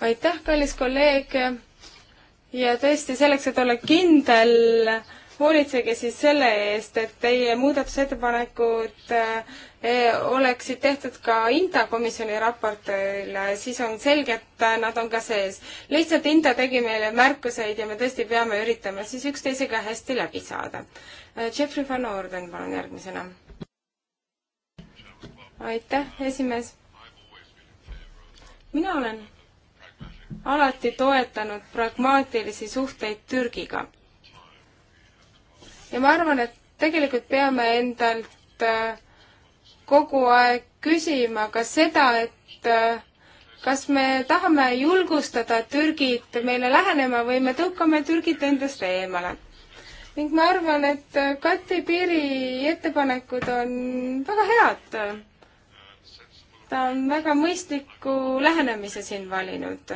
aitäh, kallis kolleeg. ja tõesti, selleks, et olla kindel, hoolitsege siis selle eest, et teie muudatusettepanekud eh, oleksid tehtud ka INTA komisjoni raportile, siis on selge, et nad on ka sees. lihtsalt INTA tegi meile märkuseid ja me tõesti peame üritama siis üksteisega hästi läbi saada. Jeffrey Van Orden, palun järgmisena. aitäh, esimees mina olen alati toetanud pragmaatilisi suhteid Türgiga. ja ma arvan, et tegelikult peame endalt äh, kogu aeg küsima ka seda, et äh, kas me tahame julgustada Türgit meile lähenema või me tõukame Türgit endast eemale. ning ma arvan, et äh, Kati Piiri ettepanekud on väga head ta on väga mõistliku lähenemise siin valinud.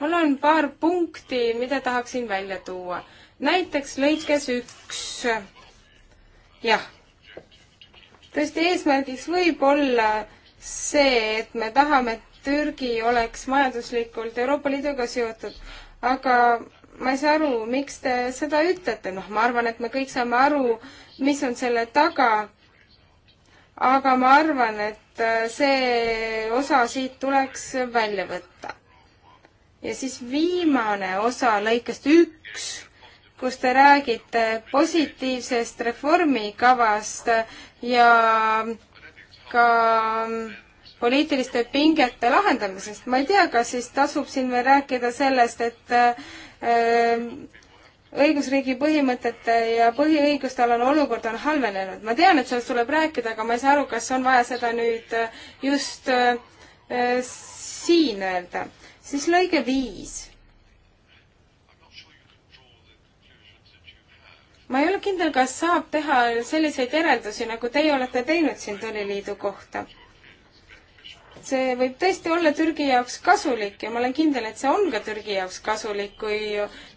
mul on paar punkti, mida tahaksin välja tuua. näiteks lõikes üks. jah, tõesti eesmärgiks võib olla see, et me tahame, et Türgi oleks majanduslikult Euroopa Liiduga seotud, aga ma ei saa aru, miks te seda ütlete, noh, ma arvan, et me kõik saame aru, mis on selle taga aga ma arvan, et äh, see osa siit tuleks välja võtta. ja siis viimane osa lõikest üks, kus te räägite positiivsest reformikavast ja ka mm, poliitiliste pingete lahendamisest. ma ei tea, kas siis tasub siin veel rääkida sellest, et äh, õigusriigi põhimõtete ja põhiõiguste alane olukord on halvenenud. ma tean, et sellest tuleb rääkida, aga ma ei saa aru, kas on vaja seda nüüd äh, just äh, siin öelda. siis lõige viis. ma ei ole kindel, kas saab teha selliseid järeldusi, nagu teie olete teinud siin Tõliliidu kohta et see võib tõesti olla Türgi jaoks kasulik ja ma olen kindel, et see on ka Türgi jaoks kasulik, kui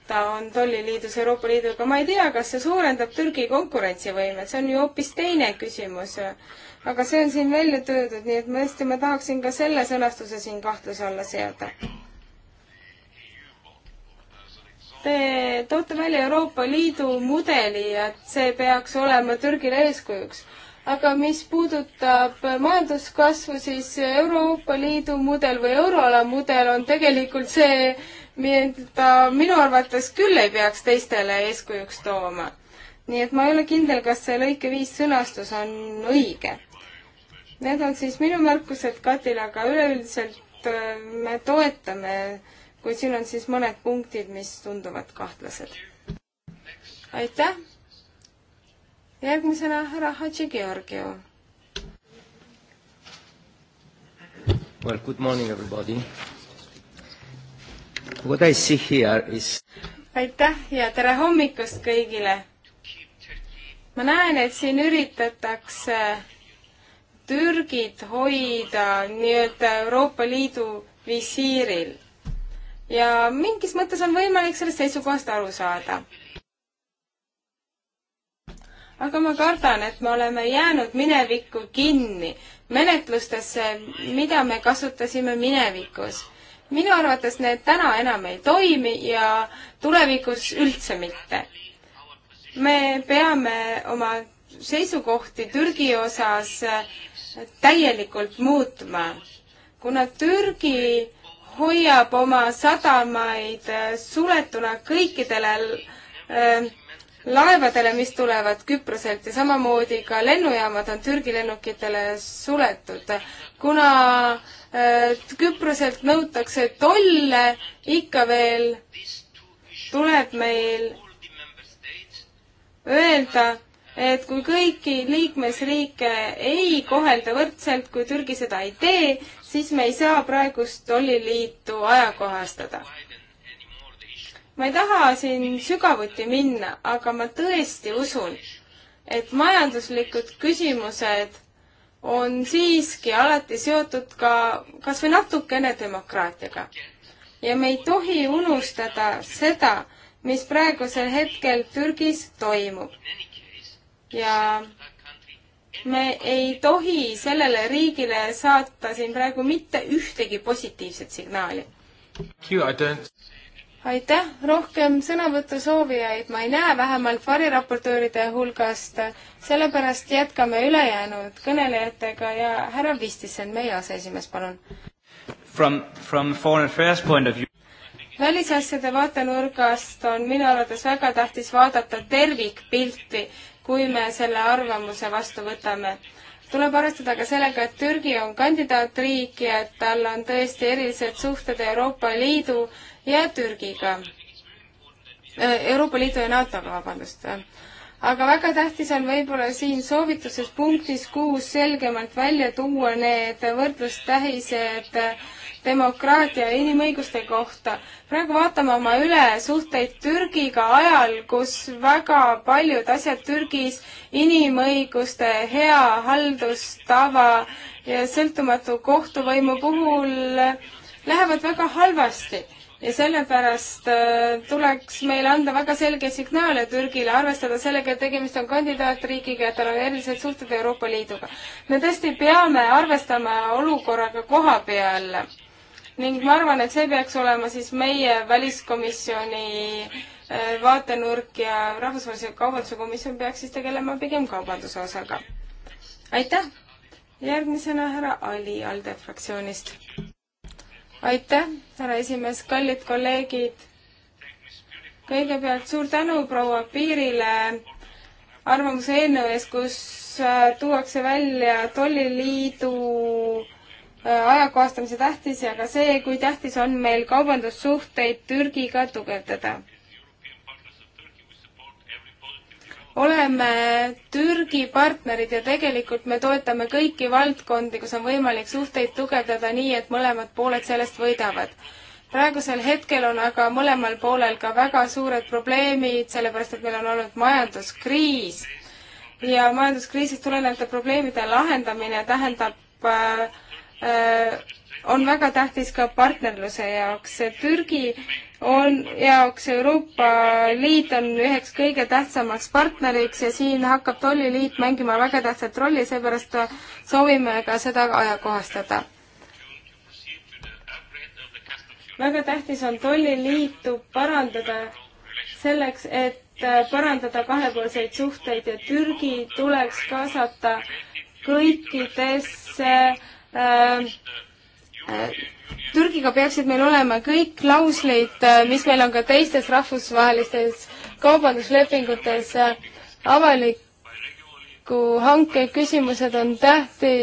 ta on tolliliidus Euroopa Liiduga. ma ei tea, kas see suurendab Türgi konkurentsivõimet, see on ju hoopis teine küsimus. aga see on siin välja töödud, nii et ma tõesti, ma tahaksin ka selle sõnastuse siin kahtluse alla seada. Te toote välja Euroopa Liidu mudeli ja et see peaks olema Türgile eeskujuks aga mis puudutab majanduskasvu, siis Euroopa Liidu mudel või euroala mudel on tegelikult see, mida minu arvates küll ei peaks teistele eeskujuks tooma. nii et ma ei ole kindel, kas see lõike viis sõnastus on õige. Need on siis minu märkused Katile, aga üleüldiselt äh, me toetame, kuid siin on siis mõned punktid, mis tunduvad kahtlased. aitäh! järgmisena härra Hadži Georgiev. Well, good morning everybody. What I see here is aitäh ja tere hommikust kõigile! ma näen, et siin üritatakse Türgit hoida nii-öelda Euroopa Liidu visiiril. ja mingis mõttes on võimalik sellest seisukohast aru saada aga ma kardan, et me oleme jäänud minevikku kinni, menetlustesse, mida me kasutasime minevikus. minu arvates need täna enam ei toimi ja tulevikus üldse mitte. me peame oma seisukohti Türgi osas täielikult muutma, kuna Türgi hoiab oma sadamaid suletuna kõikidele äh, laevadele, mis tulevad Küproselt ja samamoodi ka lennujaamad on Türgi lennukitele suletud, kuna äh, Küproselt nõutakse tolle ikka veel, tuleb meil öelda, et kui kõiki liikmesriike ei kohelda võrdselt, kui Türgi seda ei tee, siis me ei saa praegust tolliliitu ajakohastada ma ei taha siin sügavuti minna, aga ma tõesti usun, et majanduslikud küsimused on siiski alati seotud ka kas või natukene demokraatiaga. ja me ei tohi unustada seda, mis praegusel hetkel Türgis toimub. ja me ei tohi sellele riigile saata siin praegu mitte ühtegi positiivset signaali aitäh, rohkem sõnavõtusoovijaid ma ei näe, vähemalt variraportööride hulgast, sellepärast jätkame ülejäänud kõnelejatega ja härra Vistisen, meie aseesimees, palun. From, from foreign affairs point of view välisasjade vaatenurgast on minu arvates väga tähtis vaadata tervikpilti, kui me selle arvamuse vastu võtame. tuleb arvestada ka sellega, et Türgi on kandidaatriik ja et tal on tõesti erilised suhted Euroopa Liidu ja Türgiga. Euroopa Liidu ja NATO-ga, vabandust. aga väga tähtis on võib-olla siin soovituses punktis kuus selgemalt välja tuua need võrdlustähised demokraatia ja inimõiguste kohta. praegu vaatame oma üle suhteid Türgiga ajal, kus väga paljud asjad Türgis, inimõiguste, hea haldustava ja sõltumatu kohtuvõimu puhul lähevad väga halvasti ja sellepärast äh, tuleks meile anda väga selge signaale Türgile, arvestada sellega, et tegemist on kandidaatriigiga ja tal on erilised suhted Euroopa Liiduga. me tõesti peame arvestama olukorraga koha peal ning ma arvan, et see peaks olema siis meie väliskomisjoni äh, vaatenurk ja Rahvusvahelise Kaubanduse Komisjon peaks siis tegelema pigem kaubanduse osaga. aitäh! järgmisena härra Ali Alde fraktsioonist aitäh, härra esimees, kallid kolleegid. kõigepealt suur tänu proua Piirile arvamuse eelnõu eest, kus äh, tuuakse välja tolliliidu äh, ajakohastamise tähtis ja ka see, kui tähtis on meil kaubandussuhteid Türgiga tugevdada. oleme Türgi partnerid ja tegelikult me toetame kõiki valdkondi, kus on võimalik suhteid tugevdada nii, et mõlemad pooled sellest võidavad. praegusel hetkel on aga mõlemal poolel ka väga suured probleemid, sellepärast et meil on olnud majanduskriis ja majanduskriisist tulenevate probleemide lahendamine tähendab äh, äh, on väga tähtis ka partnerluse jaoks. Türgi on jaoks Euroopa Liit on üheks kõige tähtsamaks partneriks ja siin hakkab tolliliit mängima väga tähtsat rolli, seepärast soovime ka seda ajakohastada väga tähtis on tolliliitu parandada selleks, et parandada kahepoolseid suhteid ja Türgi tuleks kaasata kõikidesse äh, Türgiga peaksid meil olema kõik klauslid, äh, mis meil on ka teistes rahvusvahelistes kaubanduslepingutes, avaliku hanke küsimused on tähti,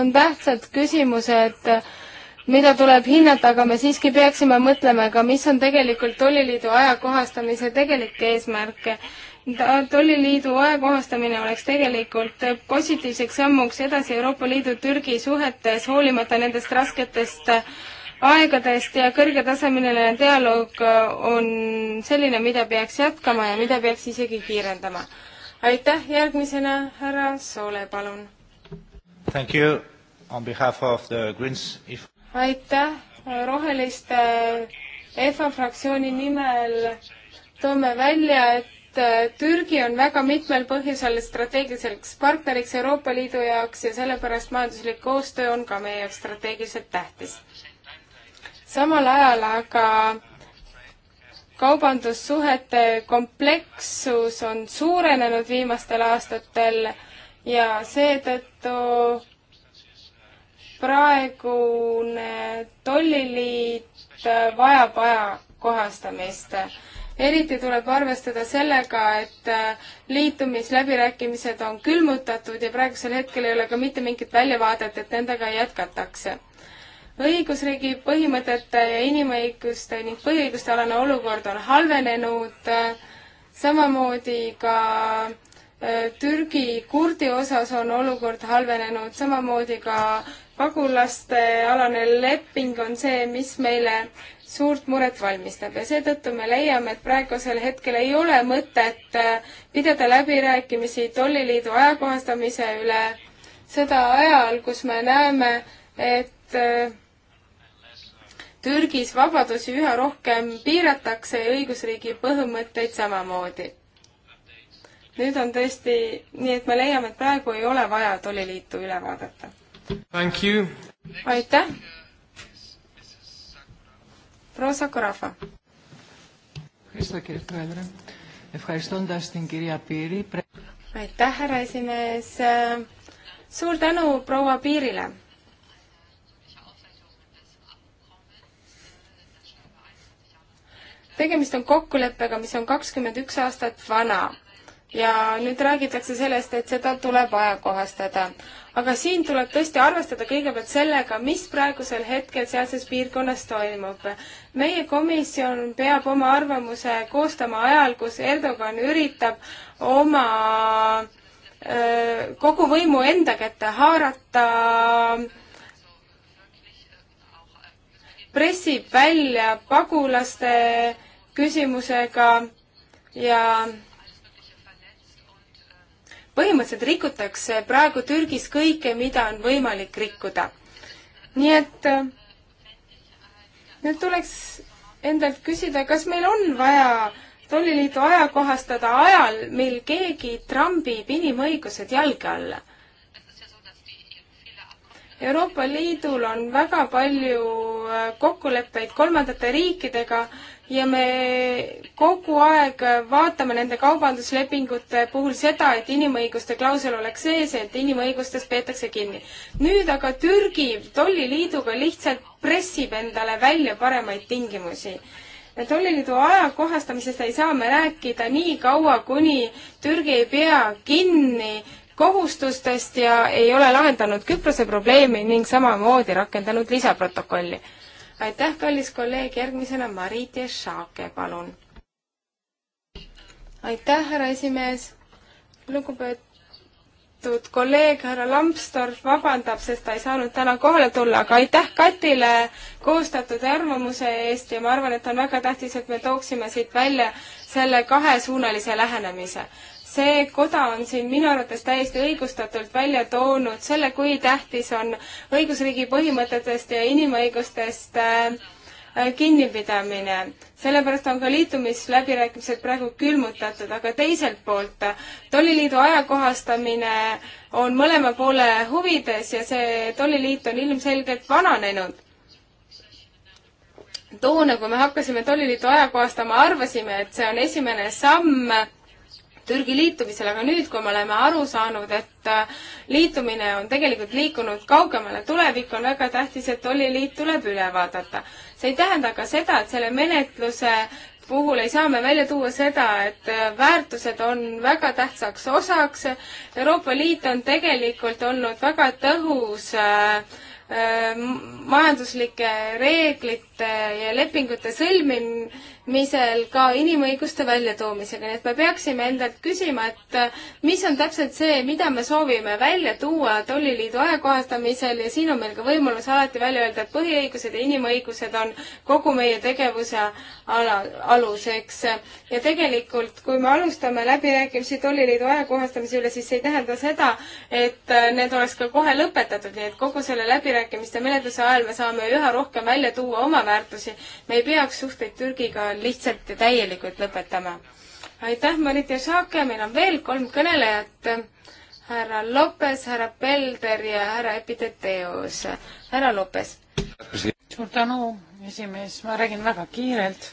on tähtsad küsimused, mida tuleb hinnata, aga me siiski peaksime mõtlema ka, mis on tegelikult tolliliidu ajakohastamise tegelik eesmärk tolliliidu ajakohastamine oleks tegelikult positiivseks sammuks edasi Euroopa Liidu-Türgi suhetes, hoolimata nendest rasketest aegadest ja kõrgetasemeline dialoog äh, on selline, mida peaks jätkama ja mida peaks isegi kiirendama. aitäh, järgmisena härra Soole, palun. Thank you on behalf of the Greens if.... aitäh, roheliste EFA äh, fraktsiooni nimel toome välja, et Äh, Türgi on väga mitmel põhjusel strateegiliseks partneriks Euroopa Liidu jaoks ja sellepärast majanduslik koostöö on ka meie jaoks strateegiliselt tähtis. samal ajal aga kaubandussuhete komplekssus on suurenenud viimastel aastatel ja seetõttu praegune tolliliit vajab ajakohastamist eriti tuleb arvestada sellega, et äh, liitumisläbirääkimised on külmutatud ja praegusel hetkel ei ole ka mitte mingit väljavaadet, et nendega jätkatakse. õigusriigi põhimõtete ja inimõiguste ning põhiõiguste alane olukord on halvenenud, äh, samamoodi ka äh, Türgi kurdi osas on olukord halvenenud, samamoodi ka pagulaste alane leping on see, mis meile suurt muret valmistab ja seetõttu me leiame, et praegusel hetkel ei ole mõtet äh, pidada läbirääkimisi tolliliidu ajakohastamise üle seda ajal, kus me näeme, et äh, Türgis vabadusi üha rohkem piiratakse ja õigusriigi põhimõtteid samamoodi. nüüd on tõesti nii, et me leiame, et praegu ei ole vaja tolliliitu üle vaadata. aitäh! Ρώσα Κοράφα. aitäh, härra esimees. suur tänu proua Piirile. tegemist on kokkuleppega, mis on kakskümmend üks aastat vana ja nüüd räägitakse sellest, et seda tuleb ajakohastada aga siin tuleb tõesti arvestada kõigepealt sellega, mis praegusel hetkel sealses piirkonnas toimub. meie komisjon peab oma arvamuse koostama ajal, kus Erdogan üritab oma öö, kogu võimu enda kätte haarata, pressib välja pagulaste küsimusega ja põhimõtteliselt rikutakse praegu Türgis kõike, mida on võimalik rikkuda. nii et äh, nüüd tuleks endalt küsida, kas meil on vaja tolliliitu ajakohastada ajal, mil keegi trambib inimõigused jalge alla Euroopa Liidul on väga palju äh, kokkuleppeid kolmandate riikidega ja me kogu aeg vaatame nende kaubanduslepingute puhul seda, et inimõiguste klausel oleks sees, et inimõigustest peetakse kinni. nüüd aga Türgi tolliliiduga lihtsalt pressib endale välja paremaid tingimusi tolliliidu ajakohastamisest ei saa me rääkida nii kaua, kuni Türgi ei pea kinni kohustustest ja ei ole lahendanud Küprose probleemi ning samamoodi rakendanud lisaprotokolli. aitäh, kallis kolleeg, järgmisena Marit Ješake, palun. aitäh, härra esimees, lugupeetud lugupeetud kolleeg härra Lambsdorff vabandab, sest ta ei saanud täna kohale tulla, aga aitäh Katile koostatud arvamuse eest ja ma arvan, et on väga tähtis, et me tooksime siit välja selle kahesuunalise lähenemise see koda on siin minu arvates täiesti õigustatult välja toonud selle, kui tähtis on õigusriigi põhimõtetest ja inimõigustest äh, äh, kinnipidamine. sellepärast on ka liitumisläbirääkimised praegu külmutatud, aga teiselt poolt äh, tolliliidu ajakohastamine on mõlema poole huvides ja see tolliliit on ilmselgelt vananenud toona, kui me hakkasime tolliliitu ajakohastama, arvasime, et see on esimene samm Türgi liitumisele, aga nüüd, kui me oleme aru saanud, et äh, liitumine on tegelikult liikunud kaugemale, tulevik on väga tähtis, et tolliliit tuleb üle vaadata. see ei tähenda ka seda, et selle menetluse puhul ei saa me välja tuua seda, et äh, väärtused on väga tähtsaks osaks. Euroopa Liit on tegelikult olnud väga tõhus äh, äh majanduslike reeglite ja lepingute sõlmin-, rikkumisel ka inimõiguste väljatoomisega, nii et me peaksime endalt küsima, et äh, mis on täpselt see, mida me soovime välja tuua tolliliidu ajakohastamisel ja siin on meil ka võimalus alati välja öelda, et põhiõigused ja inimõigused on kogu meie tegevuse ala, aluseks. ja tegelikult, kui me alustame läbirääkimisi tolliliidu ajakohastamise üle, siis see ei tähenda seda, et äh, need oleks ka kohe lõpetatud, nii et kogu selle läbirääkimiste menetluse ajal me saame üha rohkem välja tuua oma väärtusi. me ei peaks suhteid Türgiga lihtsalt ja täielikult lõpetame. aitäh, Marit ja Šake, meil on veel kolm kõnelejat, härra Lopes, härra Pelder ja härra Epiteteos. härra Lopes. suur tänu, esimees, ma räägin väga kiirelt.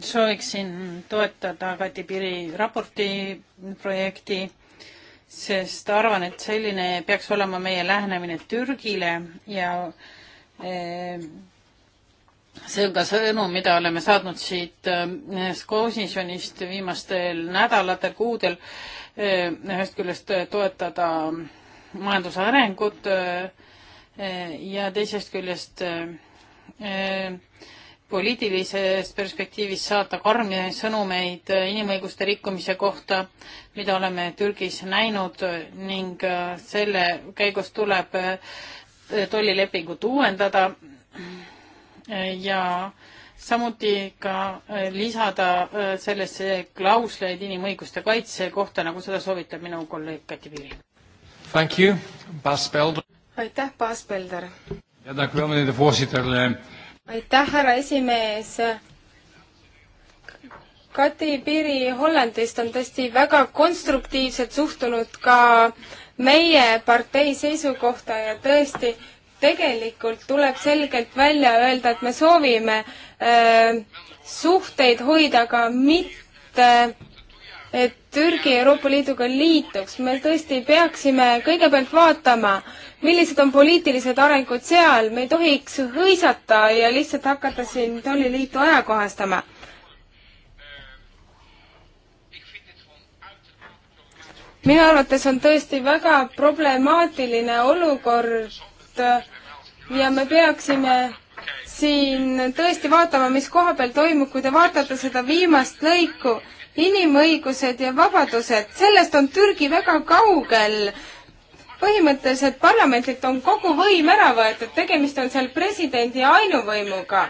sooviksin toetada Kati Piri raporti projekti sest arvan, et selline peaks olema meie lähenemine Türgile ja eh, see on ka sõnum, mida oleme saatnud siit äh, komisjonist viimastel nädalatel, kuudel. Äh, ühest küljest äh, toetada majanduse arengut ja teisest küljest poliitilises perspektiivis saata karme sõnumeid inimõiguste rikkumise kohta, mida oleme Türgis näinud ning selle käigus tuleb tollilepingut uuendada ja samuti ka äh, lisada äh, sellesse klausleid inimõiguste kaitse kohta, nagu seda soovitab minu kolleeg Kati Piiri. Thank you, Bas Belder. aitäh, Bas Belder. Eh, aitäh, härra esimees. Kati Piiri Hollandist on tõesti väga konstruktiivselt suhtunud ka meie partei seisukohta ja tõesti tegelikult tuleb selgelt välja öelda, et me soovime äh, suhteid hoida, aga mitte et Türgi Euroopa Liiduga liituks, me tõesti peaksime kõigepealt vaatama, millised on poliitilised arengud seal, me ei tohiks hõisata ja lihtsalt hakata siin tolliliitu ajakohastama. minu arvates on tõesti väga problemaatiline olukord Äh, ja me peaksime siin tõesti vaatama, mis koha peal toimub, kui te vaatate seda viimast lõiku, inimõigused ja vabadused, sellest on Türgi väga kaugel. põhimõtteliselt parlamendilt on kogu võim ära võetud, tegemist on seal presidendi ainuvõimuga.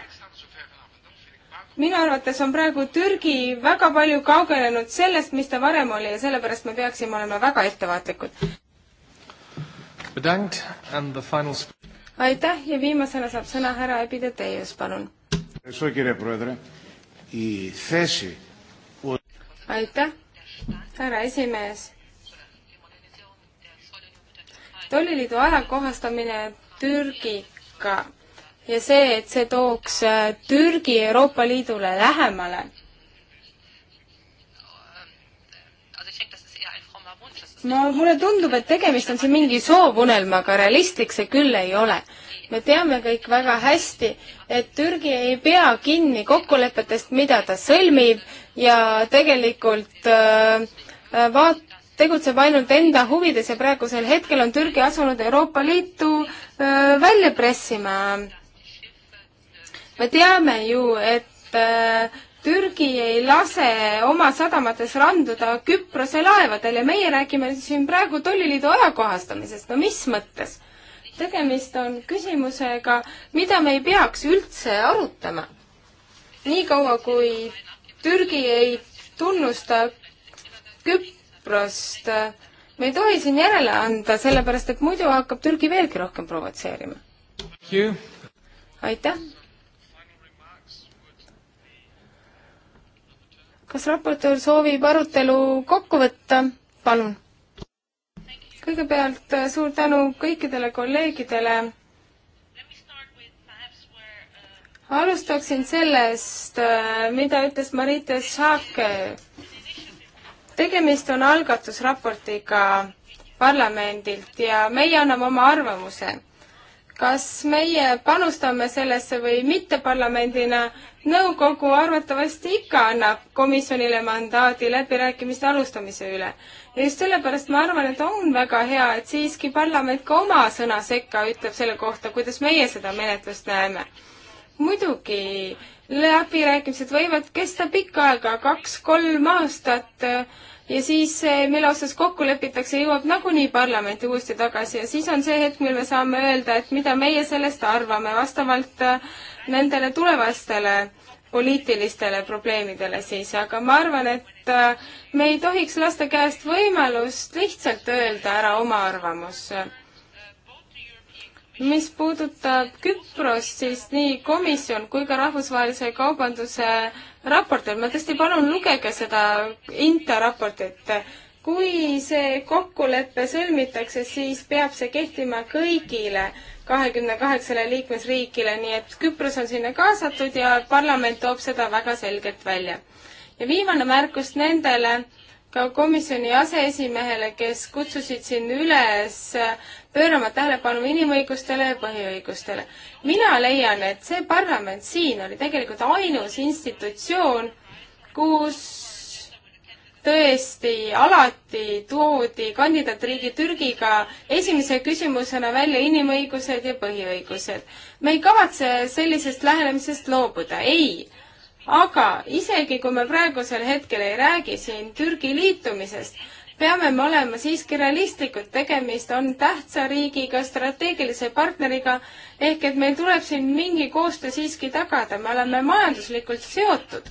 minu arvates on praegu Türgi väga palju kaugenenud sellest, mis ta varem oli ja sellepärast me peaksime olema väga ettevaatlikud. Final... aitäh ja viimasena saab sõna härra Epideteius, palun. aitäh, härra esimees. tolliliidu ajakohastamine Türgiga ja see, et see tooks äh, Türgi Euroopa Liidule lähemale no mulle tundub, et tegemist on siin mingi soovunelmaga, realistlik see küll ei ole. me teame kõik väga hästi, et Türgi ei pea kinni kokkulepetest, mida ta sõlmib ja tegelikult äh, äh vaat-, tegutseb ainult enda huvides ja praegusel hetkel on Türgi asunud Euroopa Liitu äh, välja pressima. me teame ju, et äh, Türgi ei lase oma sadamates randuda Küprose laevadel ja meie räägime siin praegu tolliliidu ajakohastamisest, no mis mõttes? tegemist on küsimusega, mida me ei peaks üldse arutama. niikaua, kui Türgi ei tunnusta Küprost, me ei tohi siin järele anda, sellepärast et muidu hakkab Türgi veelgi rohkem provotseerima. aitäh! kas raportöör soovib arutelu kokku võtta? palun. kõigepealt äh, suur tänu kõikidele kolleegidele. alustaksin sellest, äh, mida ütles Marita Šake. tegemist on algatusraportiga parlamendilt ja meie anname oma arvamuse kas meie panustame sellesse või mitte parlamendina, nõukogu arvatavasti ikka annab komisjonile mandaadi läbirääkimiste alustamise üle. ja just sellepärast ma arvan, et on väga hea, et siiski parlament ka oma sõna sekka ütleb selle kohta, kuidas meie seda menetlust näeme. muidugi, läbirääkimised võivad kesta pikka aega, kaks-kolm aastat ja siis see, eh, mille osas kokku lepitakse, jõuab nagunii parlamenti uuesti tagasi ja siis on see hetk, mil me saame öelda, et mida meie sellest arvame vastavalt eh, nendele tulevastele poliitilistele probleemidele siis, aga ma arvan, et eh, me ei tohiks lasta käest võimalust lihtsalt öelda ära oma arvamus mis puudutab Küprost, siis nii komisjon kui ka Rahvusvahelise Kaubanduse raportil, ma tõesti palun lugege seda INTA raportit. kui see kokkulepe sõlmitakse, siis peab see kehtima kõigile kahekümne kaheksale liikmesriigile, nii et Küpros on sinna kaasatud ja parlament toob seda väga selgelt välja. ja viimane märkus nendele ka komisjoni aseesimehele, kes kutsusid siin üles pöörama tähelepanu inimõigustele ja põhiõigustele. mina leian, et see parlament siin oli tegelikult ainus institutsioon, kus tõesti alati toodi kandidaatriigi Türgiga esimese küsimusena välja inimõigused ja põhiõigused. me ei kavatse sellisest lähenemisest loobuda, ei aga isegi kui me praegusel hetkel ei räägi siin Türgi liitumisest, peame me olema siiski realistlikud, tegemist on tähtsa riigiga, strateegilise partneriga, ehk et meil tuleb siin mingi koostöö siiski tagada, me oleme majanduslikult seotud.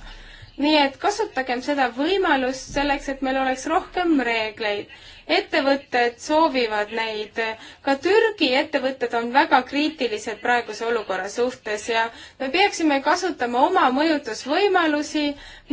nii et kasutagem seda võimalust selleks, et meil oleks rohkem reegleid ettevõtted soovivad neid. ka Türgi ettevõtted on väga kriitilised praeguse olukorra suhtes ja me peaksime kasutama oma mõjutusvõimalusi,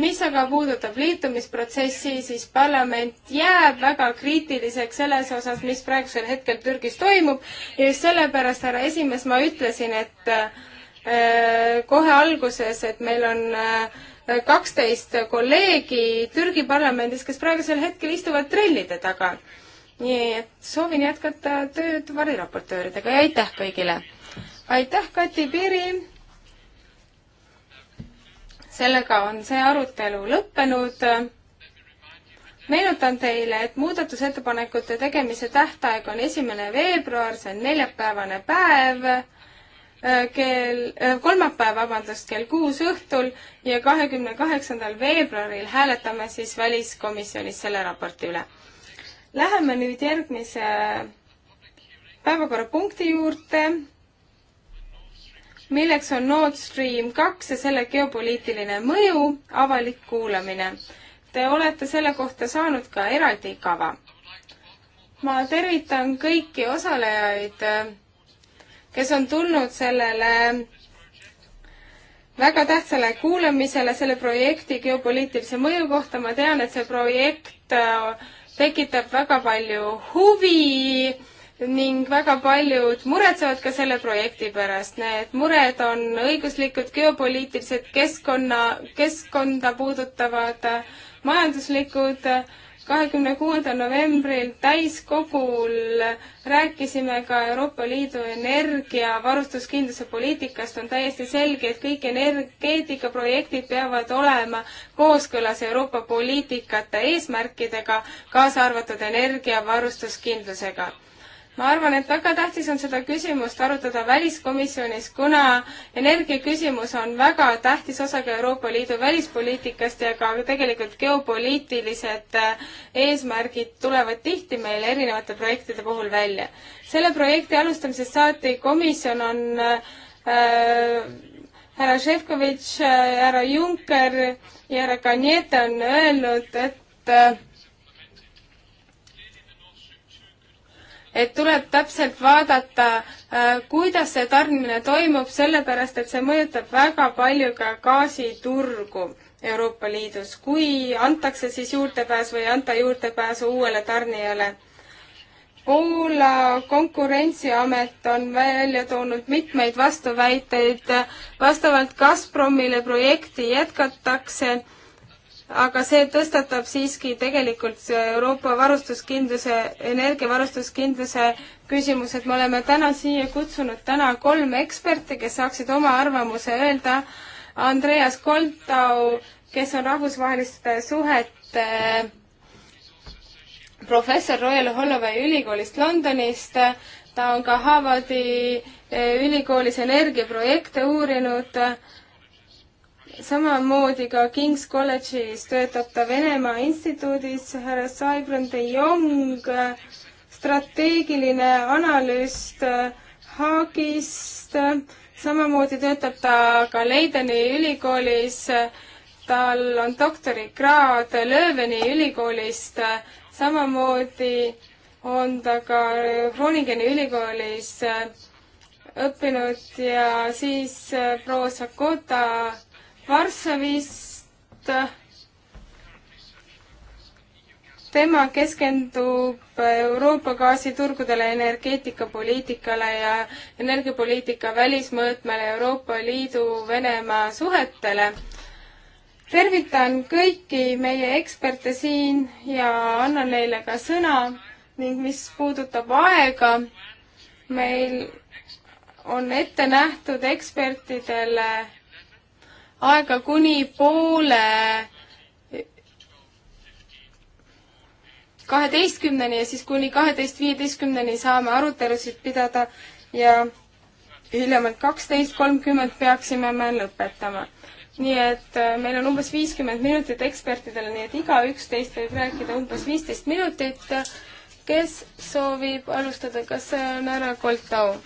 mis aga puudutab liitumisprotsessi, siis parlament jääb väga kriitiliseks selles osas, mis praegusel hetkel Türgis toimub ja just sellepärast, härra esimees, ma ütlesin, et äh, kohe alguses, et meil on äh, kaksteist kolleegi Türgi parlamendis, kes praegusel hetkel istuvad trellide taga. nii et soovin jätkata tööd variraportööridega ja aitäh kõigile! aitäh, Kati Piri! sellega on see arutelu lõppenud. meenutan teile, et muudatusettepanekute tegemise tähtaeg on esimene veebruar, see on neljapäevane päev Äh, kell, äh, kolmapäev, vabandust, kell kuus õhtul ja kahekümne kaheksandal veebruaril hääletame siis väliskomisjonis selle raporti üle. Läheme nüüd järgmise päevakorrapunkti juurde, milleks on Nord Stream kaks ja selle geopoliitiline mõju, avalik kuulamine. Te olete selle kohta saanud ka eraldi kava. ma tervitan kõiki osalejaid äh, kes on tulnud sellele väga tähtsale kuulamisele selle projekti geopoliitilise mõju kohta. ma tean, et see projekt äh, tekitab väga palju huvi ning väga paljud muretsevad ka selle projekti pärast. Need mured on õiguslikud, geopoliitilised, keskkonna, keskkonda puudutavad, majanduslikud kahekümne kuuendal novembril täiskogul rääkisime ka Euroopa Liidu energiavarustuskindluse poliitikast, on täiesti selge, et kõik energeetikaprojektid peavad olema kooskõlas Euroopa poliitikate eesmärkidega, kaasa arvatud energiavarustuskindlusega ma arvan, et väga tähtis on seda küsimust arutada väliskomisjonis, kuna energiaküsimus on väga tähtis osa ka Euroopa Liidu välispoliitikast ja ka tegelikult geopoliitilised äh, eesmärgid tulevad tihti meil erinevate projektide puhul välja. selle projekti alustamisest saati komisjon on äh, härra Šefkovitš, äh, härra Juncker ja härra Kanieta on öelnud, et äh, et tuleb täpselt vaadata, äh, kuidas see tarnimine toimub, sellepärast et see mõjutab väga palju ka gaasiturgu Euroopa Liidus, kui antakse siis juurdepääs või ei anta juurdepääsu uuele tarnijale Poola konkurentsiamet on välja toonud mitmeid vastuväiteid. vastavalt Gazpromile projekti jätkatakse aga see tõstatab siiski tegelikult Euroopa varustuskindluse, energiavarustuskindluse küsimus, et me oleme täna siia kutsunud täna kolm eksperti, kes saaksid oma arvamuse öelda. Andreas Koltau, kes on rahvusvaheliste suhete äh, professor Royal Holloway ülikoolist Londonist, ta on ka Harvardi äh, ülikoolis energiaprojekte uurinud samamoodi ka King's Kolledžis töötab ta Venemaa instituudis, härra Saibron de Jong, strateegiline analüüst Haagist, samamoodi töötab ta ka Leideni ülikoolis, tal on doktorikraad Lööveni ülikoolist, samamoodi on ta ka Groningeni ülikoolis õppinud ja siis proua Sakota Varssavist tema keskendub Euroopa gaasiturgudele, energeetikapoliitikale ja energiapoliitika välismõõtmele Euroopa Liidu Venemaa suhetele. tervitan kõiki meie eksperte siin ja annan neile ka sõna ning mis puudutab aega, meil on ette nähtud ekspertidele aega kuni poole kaheteistkümneni ja siis kuni kaheteist viieteistkümneni saame arutelusid pidada ja hiljemalt kaksteist kolmkümmend peaksime me lõpetama. nii et äh, meil on umbes viiskümmend minutit ekspertidele, nii et igaüks teist võib rääkida umbes viisteist minutit. kes soovib alustada, kas see on härra Koltau?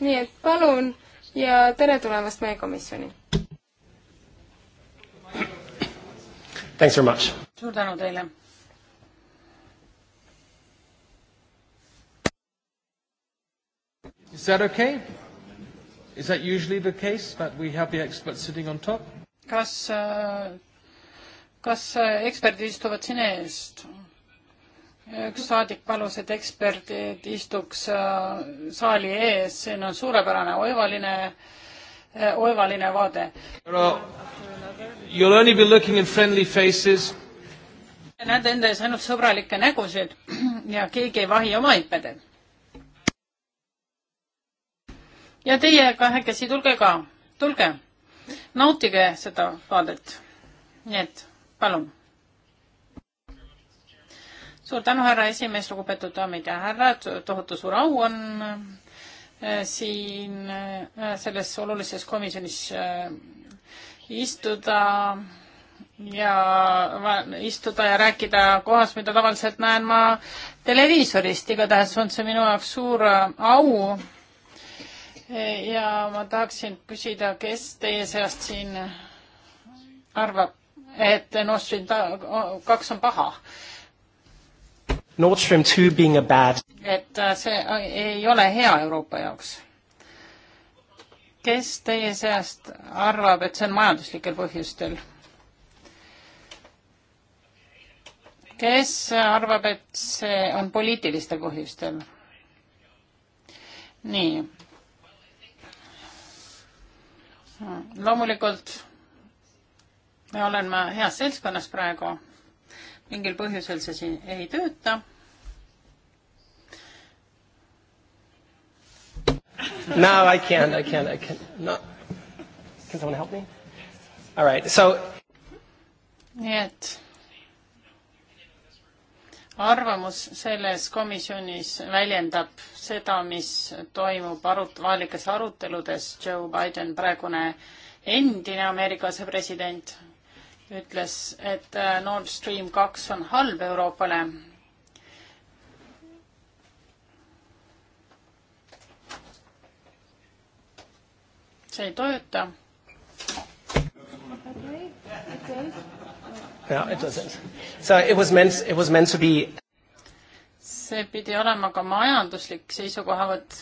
nii et palun ja tere tulemast meie komisjoni Thanks very much. suur tänu teile. Is that okay? Is that usually the case that we have the experts sitting on top? kas, äh, kas äh, eksperdid istuvad siin eest? üks saadik palus, et eksperdid istuks äh, saali ees, siin on suurepärane oivaline, oivaline vaade. You'll only be looking in friendly faces. näed enda ees ainult sõbralikke nägusid ja keegi ei vahi oma iipedel. ja teie kahekesi tulge ka, tulge, nautige seda vaadet. nii et palun. suur tänu, härra esimees, lugupeetud daamid ja härrad, tohutu suur au on äh, siin äh, selles olulises komisjonis äh, istuda ja istuda ja rääkida kohas, mida tavaliselt näen ma televiisorist, igatahes on see minu jaoks suur äh, au. E, ja ma tahaksin küsida, kes teie seast siin arvab, et Nord Stream kaks on paha? Nord Stream two being a bad. et äh, see äh, ei ole hea Euroopa jaoks kes teie seast arvab, et see on majanduslikel põhjustel? kes arvab, et see on poliitilistel põhjustel? nii. loomulikult me oleme heas seltskonnas praegu. mingil põhjusel see siin ei tööta no, I can't. I can't. I can't. Not. Can someone help me? All right. So. nii et arvamus selles komisjonis väljendab seda, mis toimub arut-, vahelikes aruteludes. Joe Biden, praegune endine Ameerika asepresident, ütles, et äh, Nord Stream kaks on halb Euroopale see ei tööta. Yeah, it doesn't. So it was meant, it was meant to be. see pidi olema ka majanduslik seisukohavõtt.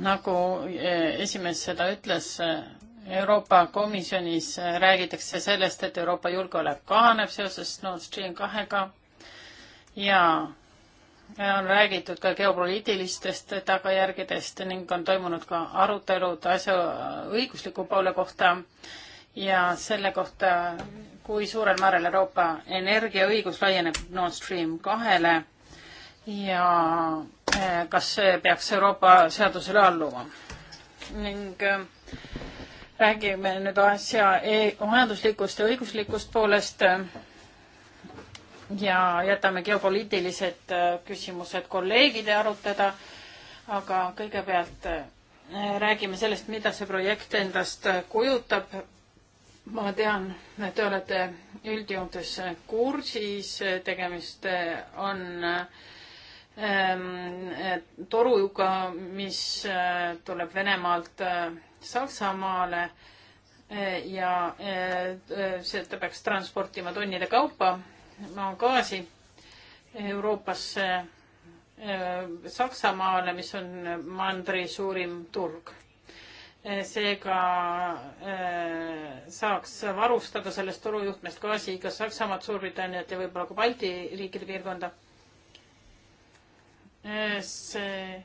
nagu eh, esimees seda ütles eh, Euroopa Komisjonis äh, räägitakse sellest, et Euroopa julgeolek kahaneb seoses Nord Stream kahega ja on räägitud ka geopoliitilistest tagajärgedest ning on toimunud ka arutelud asja õigusliku poole kohta ja selle kohta, kui suurel määral Euroopa energiaõigus laieneb Nord Stream kahele ja äh, kas see peaks Euroopa seadusele alluma ning äh, räägime nüüd asja e majanduslikust ja õiguslikust poolest ja jätame geopoliitilised äh, küsimused kolleegide arutada, aga kõigepealt äh, räägime sellest, mida see projekt endast äh, kujutab. ma tean, et te olete üldjoontes kursis, tegemist on ähm, toruga, mis tuleb Venemaalt äh, Saksamaale eh, ja eh, eh, ta peaks transportima tonnide kaupa maagaasi Euroopasse Saksamaale, mis on mandri suurim turg. seega saaks varustada sellest torujuhtmest gaasi ka Saksamaad, Suurbritanniat ja võib-olla ka Balti riikide piirkonda. see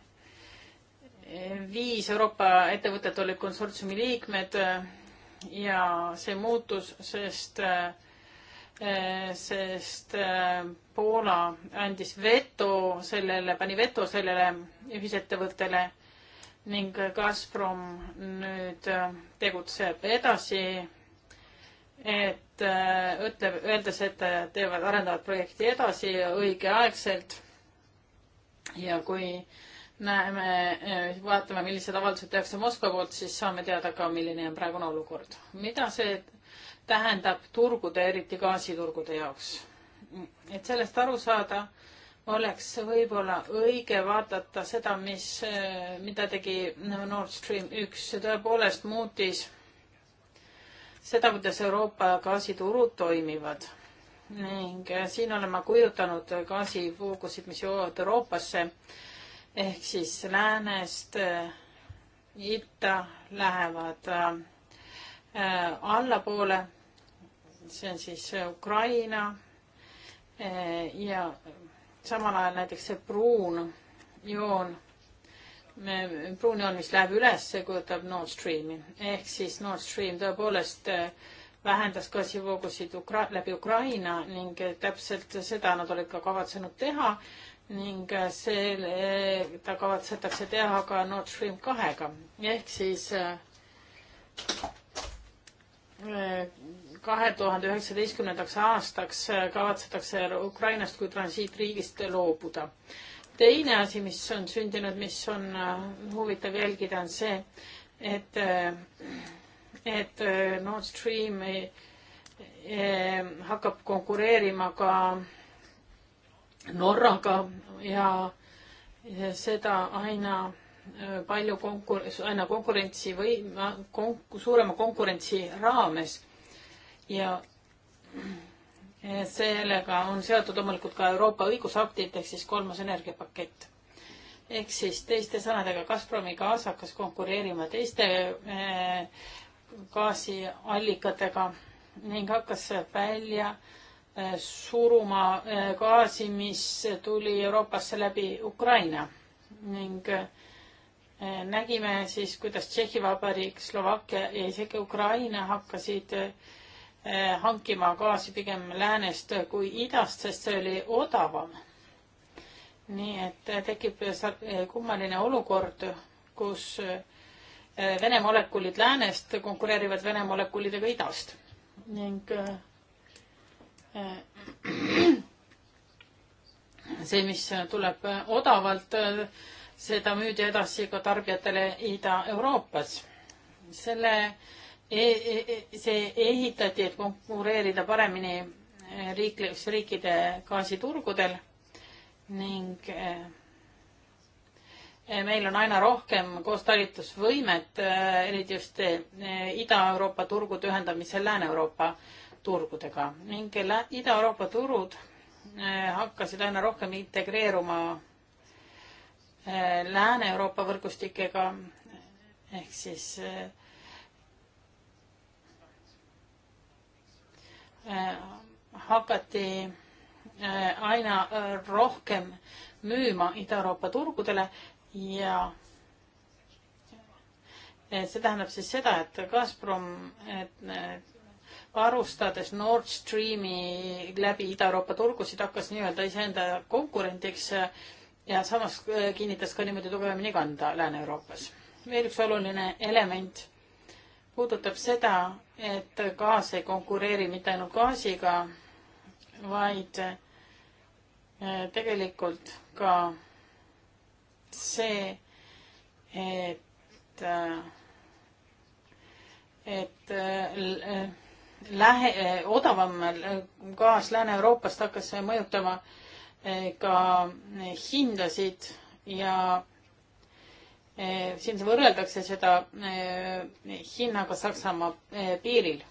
viis Euroopa ettevõtet olid konsortsiumi liikmed äh, ja see muutus, sest, äh, äh, sest Poola andis veto sellele, pani veto sellele ühisettevõttele ning Gazprom nüüd tegutseb edasi, et ütleb, öeldes, et teevad, arendavad projekti edasi õigeaegselt ja kui äh, näeme, eh, vaatame, millised avaldused tehakse Moskva poolt, siis saame teada ka, milline on praegune olukord. mida see tähendab turgude, eriti gaasiturgude jaoks? et sellest aru saada, oleks võib-olla õige vaadata seda, mis, eh, mida tegi Nord Stream üks, see tõepoolest muutis seda, kuidas Euroopa gaasiturud toimivad. ning eh, siin olen ma kujutanud gaasivoogusid, mis jõuavad Euroopasse ehk siis läänest äh, itta lähevad äh, allapoole, see on siis äh, Ukraina ja samal ajal näiteks see pruun joon, pruun joon, mis läheb üles, see kujutab Nord Streami ehk siis Nord Stream tõepoolest vähendas gaasivoogusid Ukra-, läbi Ukraina ning täpselt seda nad olid ka kavatsenud teha ning selle ta kavatsetakse teha ka Nord Stream kahega ehk siis äh, kahe tuhande üheksateistkümnendaks aastaks äh, kavatsetakse Ukrainast kui transiitriigist loobuda. teine asi, mis on sündinud, mis on äh, huvitav jälgida, on see, et, et Nord Stream hakkab konkureerima ka Norraga ja, ja seda aina äh, palju konkur-, aina konkurentsi või konk-, suurema konkurentsi raames. ja sellega on seotud loomulikult ka Euroopa õigusaktid ehk siis kolmas energiapakett. ehk siis teiste sõnadega Gazpromi gaas hakkas konkureerima teiste äh, gaasiallikatega ning hakkas välja äh, suruma äh, gaasi, mis tuli Euroopasse läbi Ukraina ning äh, nägime siis, kuidas Tšehhi Vabariik, Slovakkia ja isegi Ukraina hakkasid äh, hankima gaasi pigem läänest kui idast, sest see oli odavam. nii et tekib kummaline olukord, kus Vene molekulid läänest konkureerivad Vene molekulidega idast ning Äh, see, mis tuleb odavalt, äh, seda müüdi edasi ka tarbijatele Ida-Euroopas. selle, e, e, e, see ehitati, et konkureerida paremini äh, riiklikus riikide gaasiturgudel ning meil on aina rohkem koostalitusvõimet, eriti just Ida-Euroopa turgude ühendamisel Lääne-Euroopa turgudega ning Ida-Euroopa turud eh, hakkasid aina rohkem integreeruma eh, Lääne-Euroopa võrgustikega ehk siis eh, hakati aina rohkem müüma Ida-Euroopa turgudele ja see tähendab siis seda, et Gazprom, et varustades Nord Streami läbi Ida-Euroopa turgusid, hakkas nii-öelda iseenda konkurendiks äh, ja samas äh, kinnitas ka niimoodi tugevamini kanda Lääne-Euroopas. veel üks oluline element puudutab seda, et gaas ei konkureeri mitte ainult gaasiga, vaid äh, tegelikult ka see, et, et, et lähe, odavam äh, gaas Lääne-Euroopast hakkas mõjutama äh, ka äh, hindasid ja siin võrreldakse seda hinnaga Saksamaa piiril.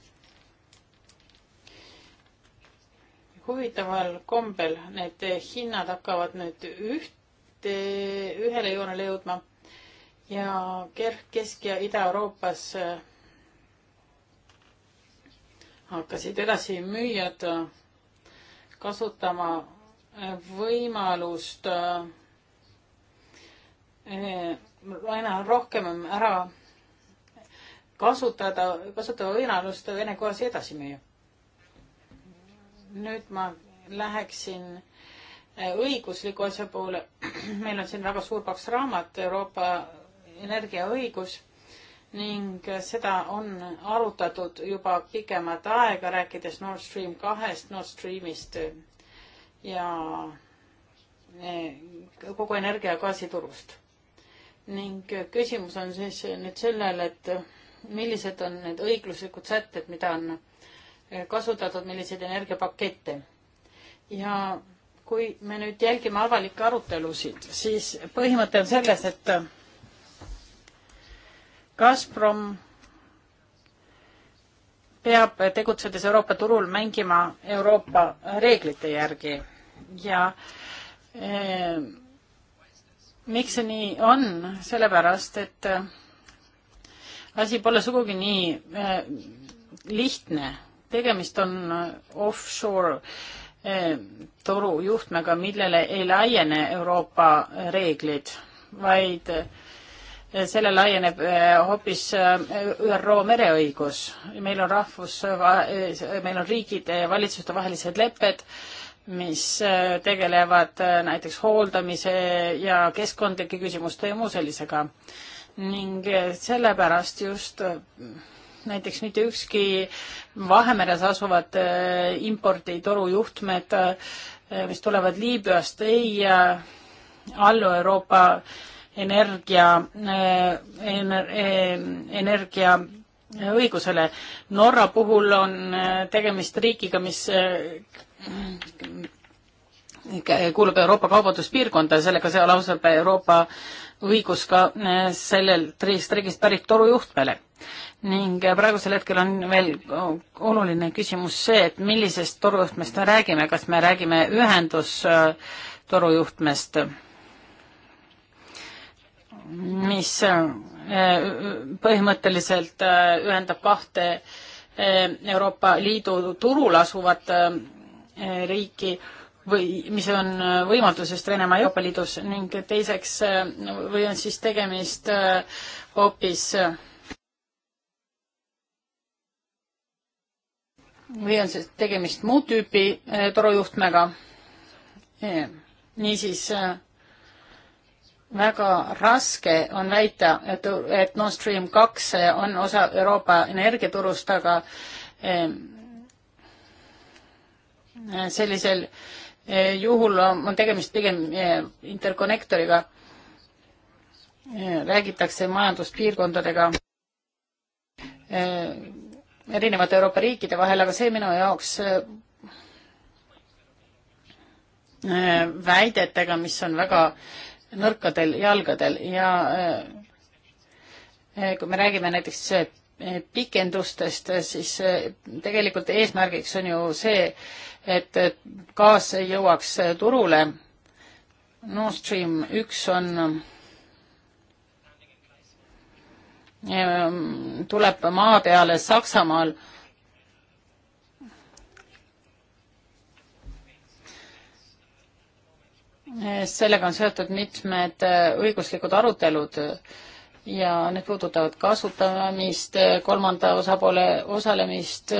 huvitaval kombel need hinnad hakkavad nüüd ühte, ühele joonele jõudma ja Kesk- ja Ida-Euroopas hakkasid edasimüüjad äh, kasutama äh, võimalust äh, aina rohkem ära kasutada, kasutada võimalust Vene kohas edasi müüa. nüüd ma läheksin õigusliku asja poole. meil on siin väga suur paks raamat Euroopa energiaõigus ning seda on arutatud juba pikemat aega, rääkides Nord Stream kahest, Nord Streamist ja e, kogu energia ja gaasiturust. ning küsimus on siis nüüd sellel, et millised on need õigluslikud sätted, mida on kasutatud, milliseid energiapakette. ja kui me nüüd jälgime avalikke arutelusid, siis põhimõte on selles, et Gazprom peab tegutsedes Euroopa turul mängima Euroopa reeglite järgi ja eh, miks see nii on, sellepärast et eh, asi pole sugugi nii eh, lihtne, tegemist on eh, offshore eh, torujuhtmega, millele ei laiene Euroopa reeglid, vaid eh, selle laieneb eh, hoopis eh, ÜRO mereõigus. meil on rahvus, eh, meil on riikide ja valitsuste vahelised lepped, mis tegelevad näiteks hooldamise ja keskkondlike küsimuste ja muu sellisega. ning sellepärast just näiteks mitte ükski Vahemeres asuvad imporditoru juhtmed, mis tulevad Liibüast, ei allu Euroopa energia, energia õigusele. Norra puhul on äh, tegemist riigiga, mis äh, kuulub Euroopa Kaubanduspiirkonda ja sellega seal ausalt Euroopa õigus ka äh, sellelt riigist pärit torujuhtmele. ning praegusel hetkel on veel oluline küsimus see, et millisest torujuhtmest me räägime, kas me räägime ühendustorujuhtmest äh, mis äh, põhimõtteliselt äh, ühendab kahte äh, Euroopa Liidu turul asuvat riiki või mis on võimatusest Venemaa Euroopa Liidus ning teiseks või on siis tegemist hoopis või on siis tegemist muud tüüpi torujuhtmega. niisiis väga raske on väita, et, et Nord Stream kaks on osa Euroopa energiaturust, aga ehm, sellisel eh, juhul on tegemist pigem eh, interkonnektoriga. Eh, räägitakse majanduspiirkondadega erinevate Euroopa riikide vahel, aga see minu jaoks väidetega, mis on väga äh, nõrkadel jalgadel ja äh, kui me räägime näiteks äh, pikendustest, siis äh, tegelikult eesmärgiks on ju see, et gaas jõuaks turule. Nord Stream üks on, tuleb maa peale Saksamaal sellega on seotud mitmed äh, õiguslikud arutelud ja need puudutavad kasutamist, äh, kolmanda osapoole osalemist.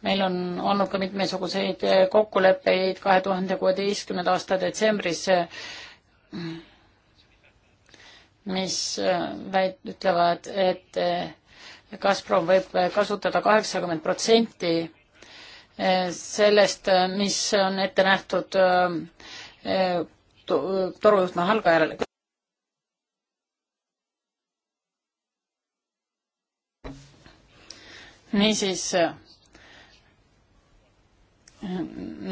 meil on olnud ka mitmesuguseid äh, kokkuleppeid kahe tuhande kuueteistkümnenda aasta detsembris, mis väit-, ütlevad, et Gazprom võib kasutada kaheksakümmend protsenti sellest, mis on ette nähtud torujuhtme algajal. niisiis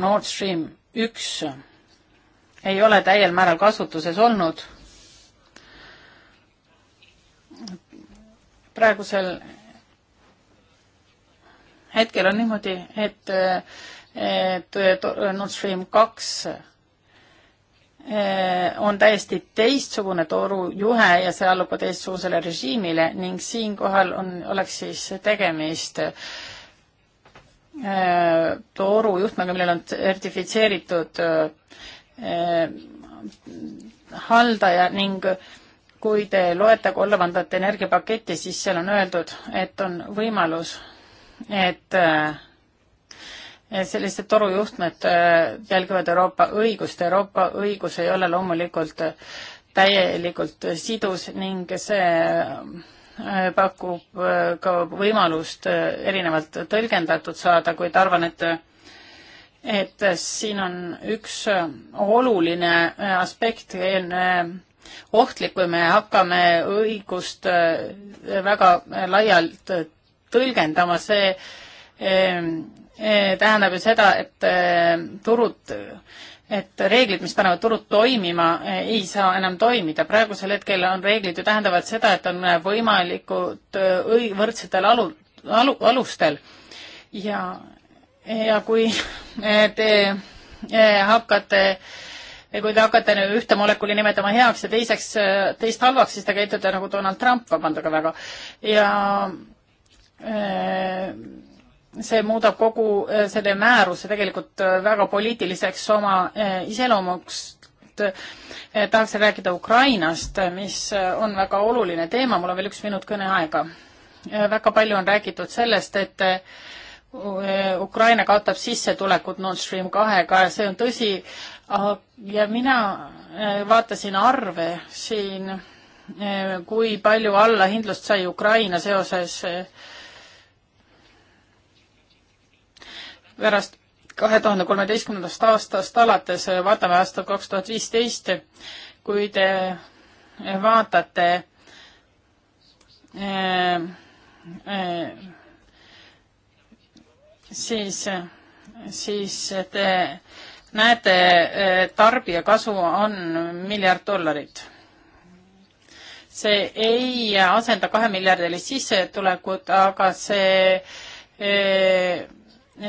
Nord Stream üks ei ole täiel määral kasutuses olnud. praegusel hetkel on niimoodi, et, et Nord Stream kaks 2 Äh, on täiesti teistsugune torujuhe ja see allub ka teistsugusele režiimile ning siinkohal on, oleks siis tegemist äh, torujuhtmega, millel on sertifitseeritud äh, haldaja ning kui te loete kolmandate energiapaketti, siis seal on öeldud, et on võimalus, et äh, sellised torujuhtmed äh, jälgivad Euroopa õigust. Euroopa õigus ei ole loomulikult äh, täielikult äh, sidus ning see pakub ka võimalust erinevalt tõlgendatud saada, kuid arvan, et et siin on üks oluline aspekt ohtlik, kui me hakkame õigust väga laialt tõlgendama, see Eh, tähendab ju seda, et eh, turud, et reeglid, mis panevad turud toimima, eh, ei saa enam toimida. praegusel hetkel on reeglid ju tähendavad seda, et on võimalikud õi-, võrdsetel alu-, alu-, alustel. ja, ja kui te hakkate ja kui te hakkate ühte molekuli nimetama heaks ja teiseks, teist halvaks, siis te käitute nagu Donald Trump, vabandage väga. ja äh, see muudab kogu äh, selle määruse tegelikult äh, väga poliitiliseks oma äh, iseloomuks. tahaks rääkida Ukrainast, mis on väga oluline teema, mul on veel üks minut kõneaega. väga palju on räägitud sellest, et Ukraina kaotab sissetulekud Nord Stream kahega ja see on tõsi. ja mina vaatasin arve siin, kui palju allahindlust sai Ukraina seoses äh, pärast kahe tuhande kolmeteistkümnendast aastast alates, vaatame aastat kaks tuhat viisteist, kui te vaatate eh, eh, siis, siis te näete, tarbija kasu on miljard dollarit. see ei asenda kahemiljardilist sissetulekut, aga see eh,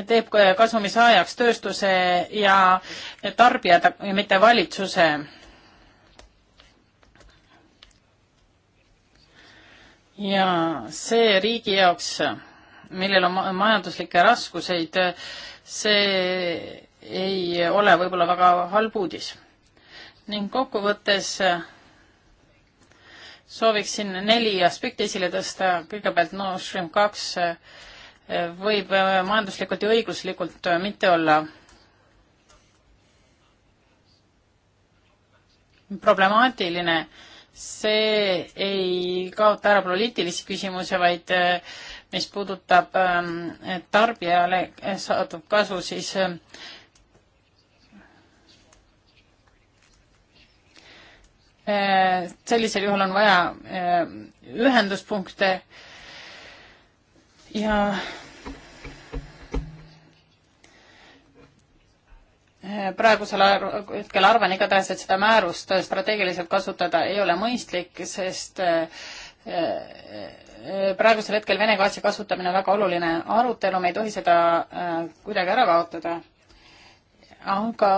teeb kasumi saajaks tööstuse ja tarbijad, mitte valitsuse. ja see riigi jaoks, millel on majanduslikke raskuseid, see ei ole võib-olla väga halb uudis. ning kokkuvõttes sooviksin neli aspekti esile tõsta, kõigepealt Nord Stream kaks no, võib äh, majanduslikult ja õiguslikult äh, mitte olla problemaatiline, see ei kaota ära poliitilisi küsimusi, vaid äh, mis puudutab ähm, tarbijale saadud kasu, siis sellisel juhul on vaja ühenduspunkte ja praegusel hetkel arvan igatahes, et seda määrust strateegiliselt kasutada ei ole mõistlik, sest äh, äh, praegusel hetkel Vene gaasi kasutamine on väga oluline arutelu, me ei tohi seda äh, kuidagi ära kaotada. aga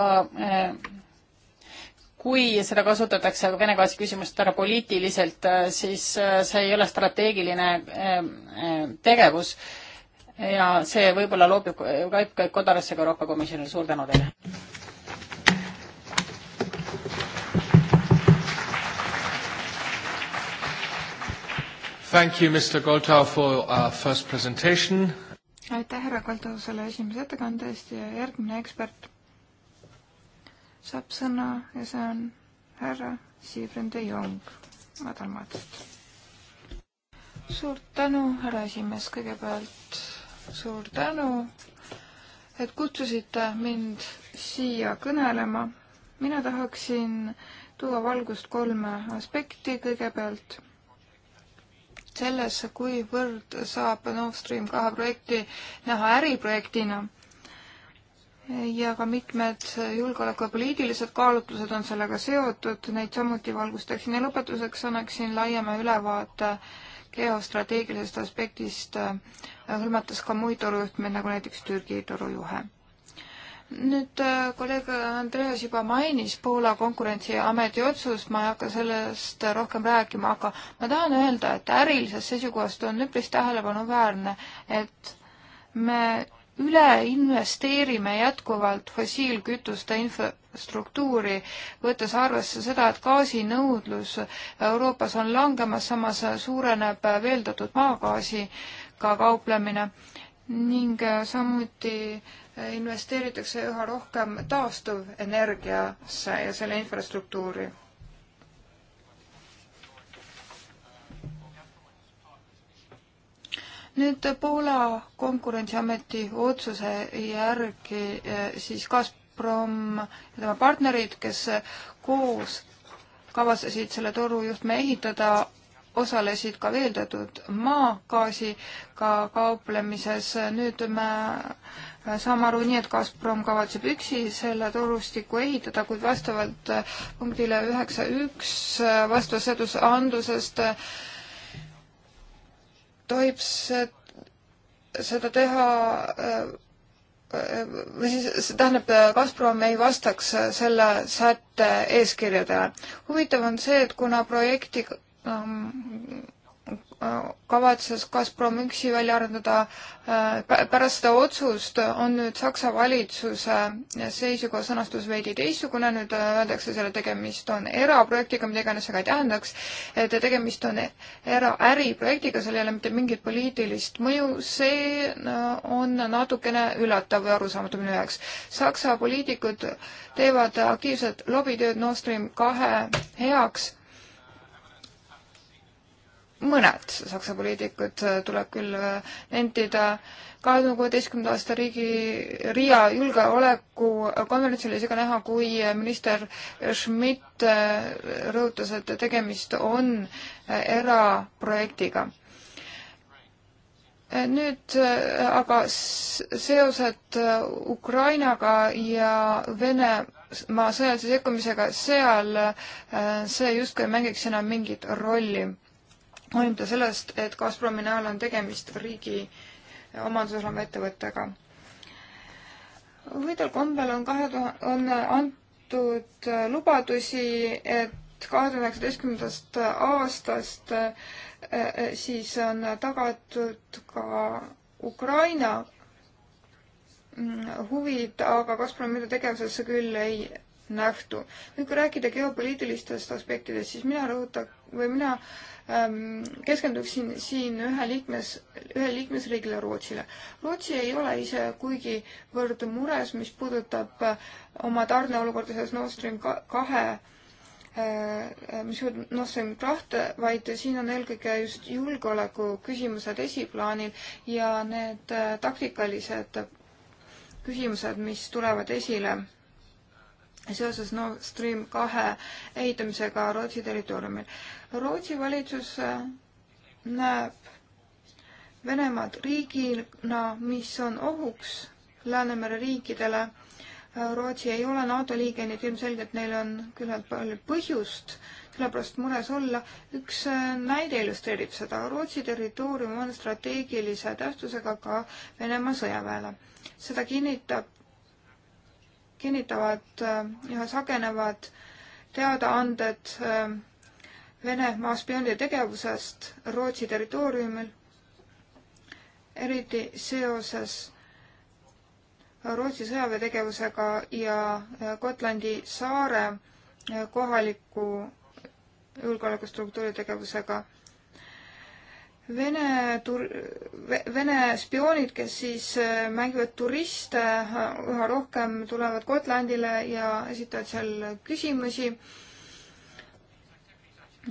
kui seda kasutatakse Vene gaasi küsimust ära poliitiliselt, äh, siis äh, see ei ole strateegiline äh, tegevus ja see võib-olla loobib, käib, käib kodarasse ka Euroopa Komisjonile, suur tänu teile! Thank you, Mr Goltau for our first presentation. aitäh, härra Goltau, selle esimese ettekande eest ja järgmine ekspert saab sõna ja see on härra Siivren de Jong madalmaadest. suur tänu, härra esimees, kõigepealt suur tänu, et kutsusite mind siia kõnelema. mina tahaksin tuua valgust kolme aspekti, kõigepealt sellesse, kuivõrd saab Nord Stream kahe projekti näha äriprojektina ja ka mitmed julgeoleku ja poliitilised kaalutlused on sellega seotud, neid samuti valgustaksin ja lõpetuseks annaksin laiema ülevaate geostrateegilisest aspektist, äh, hõlmates ka muid torujuhtmeid, nagu näiteks Türgi torujuhe. nüüd äh, kolleeg Andreas juba mainis Poola konkurentsiameti otsust, ma ei hakka sellest rohkem rääkima, aga ma tahan öelda, et ärilisest seisukohast on üpris tähelepanuväärne, et me üle investeerime jätkuvalt fossiilkütuste infrastruktuuri, võttes arvesse seda, et gaasinõudlus Euroopas on langemas, samas suureneb veeldatud maagaasiga ka kauplemine ning samuti investeeritakse üha rohkem taastuvenergiasse ja selle infrastruktuuri nüüd Poola konkurentsiameti otsuse järgi eh, siis Gazprom ja tema partnerid, kes koos kavastasid selle torujuhtme ehitada, osalesid ka veeldatud maagaasiga ka kauplemises. nüüd me saame aru nii, et Gazprom kavatseb üksi selle torustiku ehitada, kuid vastavalt punktile üheksa üks vastavast seadusandlusest äh, tohib see, seda teha või siis see tähendab, Gazprom ei vastaks selle sätte eeskirjadele. huvitav on see, et kuna projekti ähm, kavatses Gazprom üksi välja arendada. Äh, pärast seda otsust on nüüd Saksa valitsuse seisukoha sõnastus veidi teistsugune, nüüd äh, öeldakse selle tegemist on eraprojektiga, mida iganes see ka ei tähendaks, et tegemist on eraäriprojektiga, seal ei ole mitte mingit poliitilist mõju, see on natukene üllatav või arusaamatu minu jaoks. Saksa poliitikud teevad aktiivset lobitööd Nord Stream kahe heaks mõned Saksa poliitikud, äh, tuleb küll äh, nentida, kahe tuhande kuueteistkümnenda aasta riigi, Riia julgeolekukonverentsil oli seda näha, kui äh, minister Schmidt rõhutas, et tegemist on eraprojektiga. nüüd aga seosed Ukrainaga ja Venemaa sõjalise sekkumisega seal, see justkui ei mängiks enam mingit rolli hoolimata sellest, et Gazpromi näol on tegemist riigi omanduses oleva ettevõttega. huvitaval kombel on kahe tuhande, on antud lubadusi, et kahe tuhande üheksateistkümnendast aastast äh, äh, siis on tagatud ka Ukraina mm, huvid, aga Gazpromi tegevusesse küll ei nähtu. nüüd kui rääkida geopoliitilistest aspektidest, siis mina rõhutan või mina äh, Ehm, keskenduksin siin ühe liikmes, ühe liikmesriigile Rootsile. Rootsi ei ole ise kuigivõrd mures, mis puudutab eh, oma tarneolukorda selles Nord Stream kahe eh, eh, mis jõudnud Nord Stream kahte, vaid siin on eelkõige just julgeoleku küsimused esiplaanil ja need taktikalised küsimused, mis tulevad esile seoses Nord Stream kahe ehitamisega Rootsi territooriumil. Rootsi valitsus äh, näeb Venemaad riigina, mis on ohuks Läänemere riikidele. Äh, Rootsi ei ole NATO liige, nii et ilmselgelt neil on küllalt palju põhjust sellepärast mures olla. üks äh, näide illustreerib seda. Rootsi territoorium on strateegilise tähtsusega ka Venemaa sõjaväele. seda kinnitab kinnitavad äh, üha sagenevad teadaanded äh, Venemaa spioonide tegevusest Rootsi territooriumil, eriti seoses Rootsi sõjaväetegevusega ja äh, Gotlandi saare kohaliku julgeolekustruktuuri tegevusega Vene tur-, Vene spioonid, kes siis äh, mängivad turiste äh, üha rohkem, tulevad Gotlandile ja esitavad seal küsimusi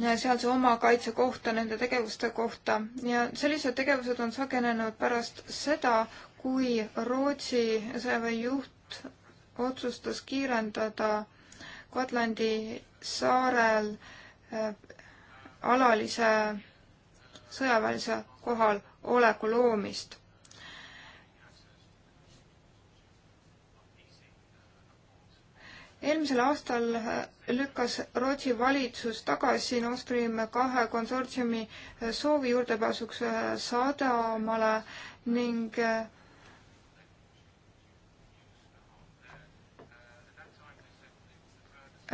ja sealse omakaitse kohta, nende tegevuste kohta ja sellised tegevused on sagenenud pärast seda, kui Rootsi sõjaväe juht otsustas kiirendada Gotlandi saarel äh, alalise sõjaväelise kohaloleku loomist. eelmisel aastal äh, lükkas Rootsi valitsus tagasi Nord Stream kahe konsortsiumi äh, soovi juurdepääsuks äh, sadamale ning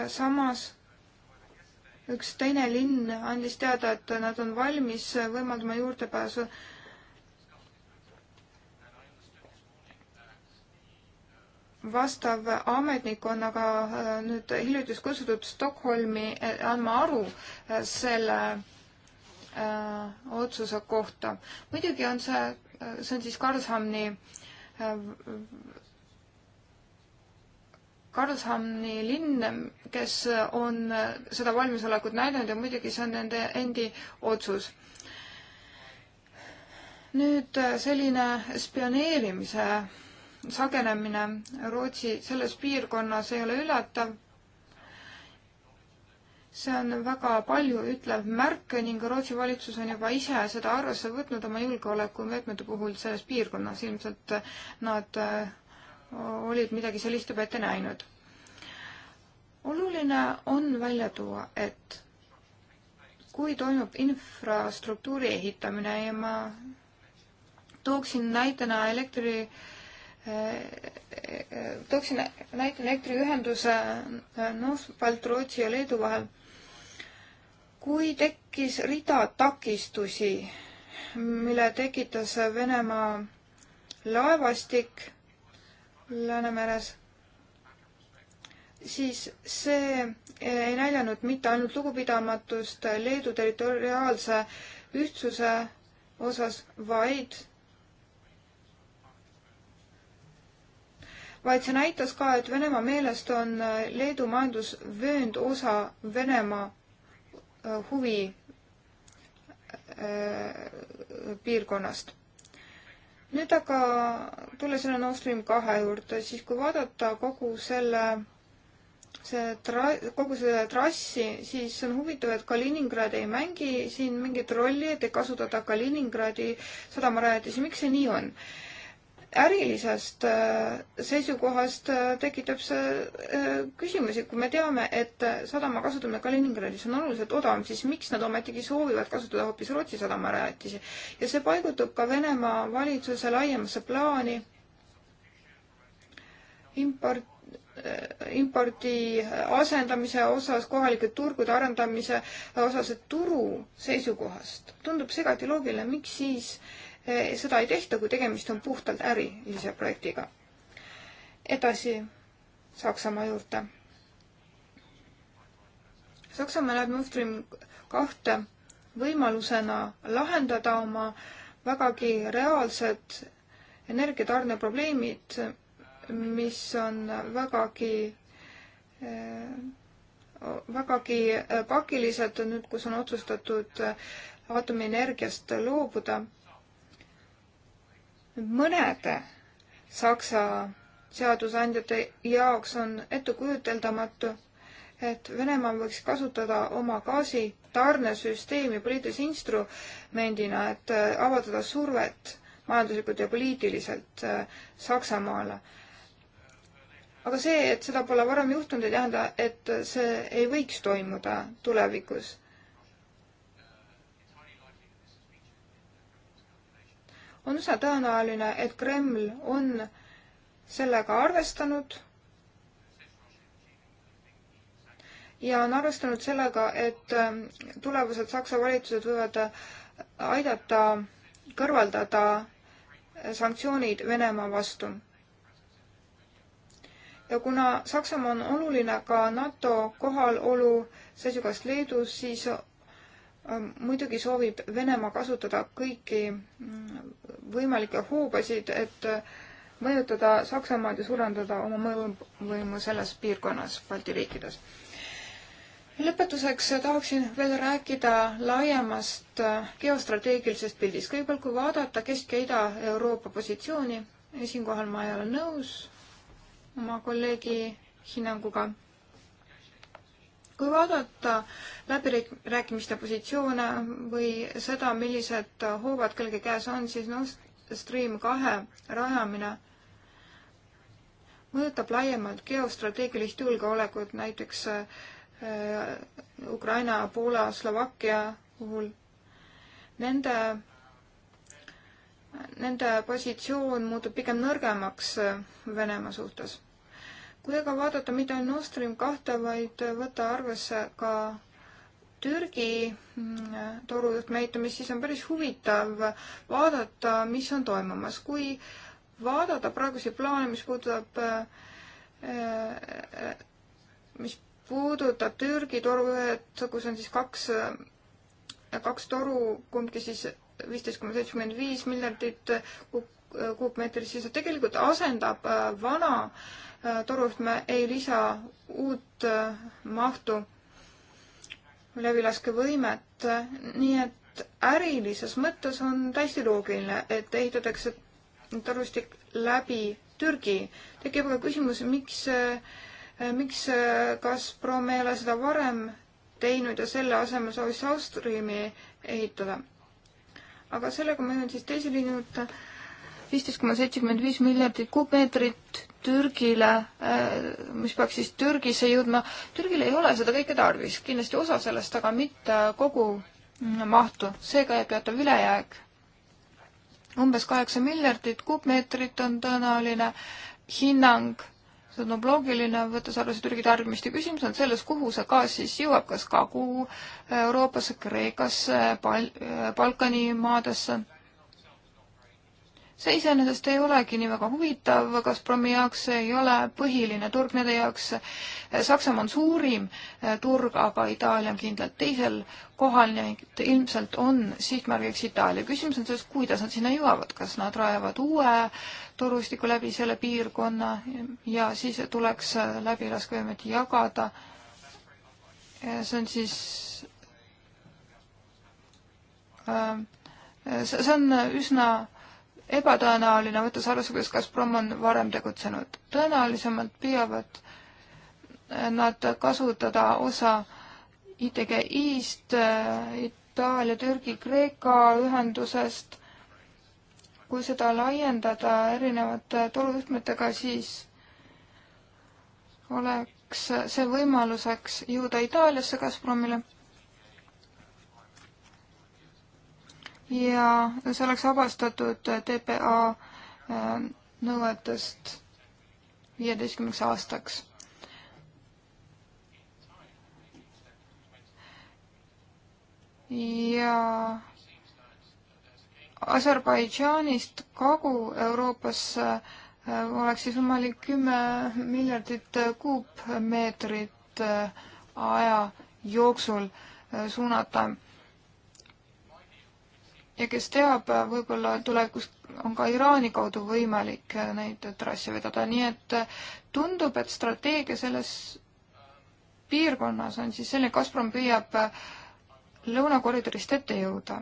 samas üks teine linn andis teada, et nad on valmis võimaldama juurdepääsu vastav ametnik on aga äh, nüüd hiljuti just kutsutud Stockholmi äh, andma aru äh, selle äh, otsuse kohta. muidugi on see, see on siis Karlshamni äh, Karlshamni linn, kes on seda valmisolekut näidanud ja muidugi see on nende endi otsus. nüüd äh, selline spioneerimise sagenemine Rootsi selles piirkonnas ei ole üllatav. see on väga palju ütlev märk ning Rootsi valitsus on juba ise seda arvesse võtnud oma julgeolekumeetmete puhul selles piirkonnas, ilmselt nad äh, olid midagi sellist juba ette näinud. oluline on välja tuua, et kui toimub infrastruktuuri ehitamine ja ma tooksin näitena elektri tooksin näite elektriühenduse Northvolt Rootsi ja Leedu vahel. kui tekkis rida takistusi, mille tekitas Venemaa laevastik, Läänemeres, siis see eh, ei näidanud mitte ainult lugupidamatust Leedu territoriaalse ühtsuse osas, vaid, vaid see näitas ka, et Venemaa meelest on eh, Leedu majandusvöönd osa Venemaa eh, huvi äh, piirkonnast nüüd aga tulles selle Nord Stream kahe juurde, siis kui vaadata kogu selle, see tra-, kogu selle trassi, siis on huvitav, et Kaliningrad ei mängi siin mingit rolli, et ei kasutata Kaliningradi sadamarajatisi, miks see nii on? ärilisest äh, seisukohast äh, tekitab see äh, küsimusi, kui me teame, et sadama kasutamine Kaliningradis on oluliselt odavam, siis miks nad ometigi soovivad kasutada hoopis Rootsi sadamarajatisi ja see paigutub ka Venemaa valitsuse laiemasse plaani import, impordi asendamise osas, kohalike turgude arendamise osas, et turu seisukohast tundub segati loogiline, miks siis äh, Eh, seda ei tehta, kui tegemist on puhtalt ärilise projektiga. edasi Saksamaa juurde. Saksamaa näeb Nord Stream kahte võimalusena lahendada oma vägagi reaalsed energiatarneprobleemid, mis on vägagi eh, vägagi pakilised nüüd, kus on otsustatud aatomienergiast loobuda mõned Saksa seadusandjate jaoks on ettekujuteldamatu, et Venemaa võiks kasutada oma gaasitarnesüsteemi poliitilise instrumendina, et äh, avaldada survet majanduslikult ja poliitiliselt äh, Saksamaale. aga see, et seda pole varem juhtunud, ei tähenda, et äh, see ei võiks toimuda tulevikus on üsna tõenäoline, et Kreml on sellega arvestanud ja on arvestanud sellega, et ähm, tulevased Saksa valitsused võivad aidata kõrvaldada sanktsioonid Venemaa vastu. ja kuna Saksamaa on oluline ka NATO kohalolu seisukohast Leedus, siis Äh, muidugi soovib Venemaa kasutada kõiki mm, võimalikke hoobasid, et äh, mõjutada Saksamaad ja suurendada oma mõjuvõimu selles piirkonnas, Balti riikides. lõpetuseks tahaksin veel rääkida laiemast äh, geostrateegilisest pildist. kõigepealt, kui vaadata Kesk- ja Ida-Euroopa positsiooni, siinkohal ma ei ole nõus oma kolleegi hinnanguga kui vaadata läbirääkimiste positsioone või seda, millised hoovad kellegi käes on, siis Nord Stream kahe rajamine mõjutab laiemalt geostrateegilist julgeolekut, näiteks äh, Ukraina, Poola, Slovakkia puhul. Nende, nende positsioon muutub pigem nõrgemaks äh, Venemaa suhtes kui aga vaadata mitte ainult Nord Stream kahte, vaid võtta arvesse ka Türgi mm, torujuhtme ehitamist, siis on päris huvitav vaadata, mis on toimumas. kui vaadata praeguseid plaane, mis puudutab, äh, äh, mis puudutab Türgi torujuhet, kus on siis kaks, äh, kaks toru, kumbki siis viisteist koma seitsekümmend viis miljardit kuupmeetrit, siis ta tegelikult asendab vana äh, Äh, torujuhtme ei lisa uut äh, mahtu läbilaskevõimet, nii et ärilises mõttes on täiesti loogiline, et ehitatakse torustik läbi Türgi. tekib aga küsimus, miks, äh, miks Gazprom ei ole seda varem teinud ja selle asemel soovis South Streami ehitada. aga sellega ma jõuan siis teise liini juurde viisteist koma seitsekümmend viis miljardit kuupmeetrit Türgile, äh, mis peaks siis Türgisse jõudma. Türgil ei ole seda kõike tarvis, kindlasti osa sellest, aga mitte kogu mahtu, seega jääb teatav ülejääk. umbes kaheksa miljardit kuupmeetrit on tõenäoline hinnang, see on loogiline, võttes arvesse Türgi tarbimist ja küsimus on selles, kuhu see gaas siis jõuab, kas Kagu-Euroopasse, Kreekasse, Bal-, Balkani maadesse see iseenesest ei olegi nii väga huvitav, Gazpromi jaoks see ei ole põhiline turg nende jaoks. Saksamaa on suurim eh, turg, aga Itaalia on kindlalt teisel kohal, nii et ilmselt on sihtmärgiks Itaalia. küsimus on selles, kuidas nad sinna jõuavad, kas nad rajavad uue torustiku läbi selle piirkonna ja siis tuleks läbi raskevõimet jagada. Eh, see on siis äh, see on üsna ebatõenäoline, võttes arvesse, kuidas Gazprom on varem tegutsenud. tõenäolisemalt püüavad eh, nad kasutada osa ITGI-st, eh, Itaalia, Türgi, Kreeka ühendusest. kui seda laiendada erinevate torujuhtmetega, siis oleks see võimaluseks jõuda Itaaliasse Gazpromile ja see oleks vabastatud TPA ähm, nõuetest viieteistkümneks aastaks. ja Aserbaidžaanist Kagu-Euroopasse äh, oleks siis võimalik kümme miljardit kuupmeetrit äh, aja jooksul äh, suunata ja kes teab, võib-olla tulevikus on ka Iraani kaudu võimalik neid trasse vedada, nii et tundub, et strateegia selles piirkonnas on siis selline, Gazprom püüab lõunakoridorist ette jõuda.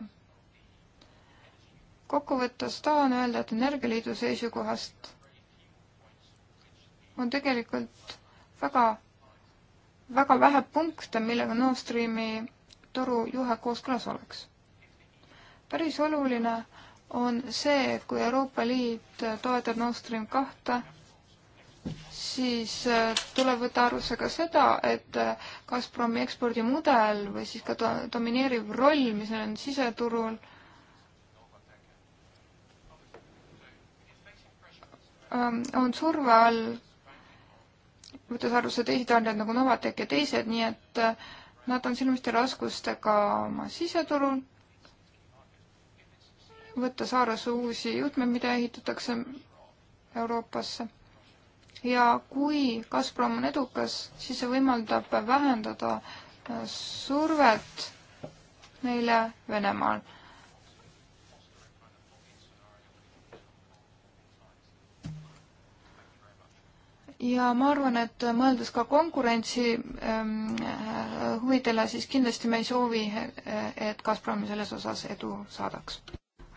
kokkuvõttes tahan öelda, et Energialiidu seisukohast on tegelikult väga, väga vähe punkte, millega Nord Streami torujuhe kooskõlas oleks päris oluline on see, et kui Euroopa Liit toetab Nord Stream kahte, siis äh, tuleb võtta arvesse ka seda, et äh, Gazpromi ekspordimudel või siis ka domineeriv roll, mis on siseturul, ähm, on surve all, võttes arvesse teisi tarnijaid nagu Novatek ja teised, nii et äh, nad on silmiste raskustega oma siseturul võtta saaresse uusi juhtmeid, mida ehitatakse Euroopasse. ja kui Gazprom on edukas, siis see võimaldab vähendada äh, survet neile Venemaal. ja ma arvan, et mõeldes ka konkurentsi ähm, äh, huvidele, siis kindlasti me ei soovi, äh, et Gazprom selles osas edu saadaks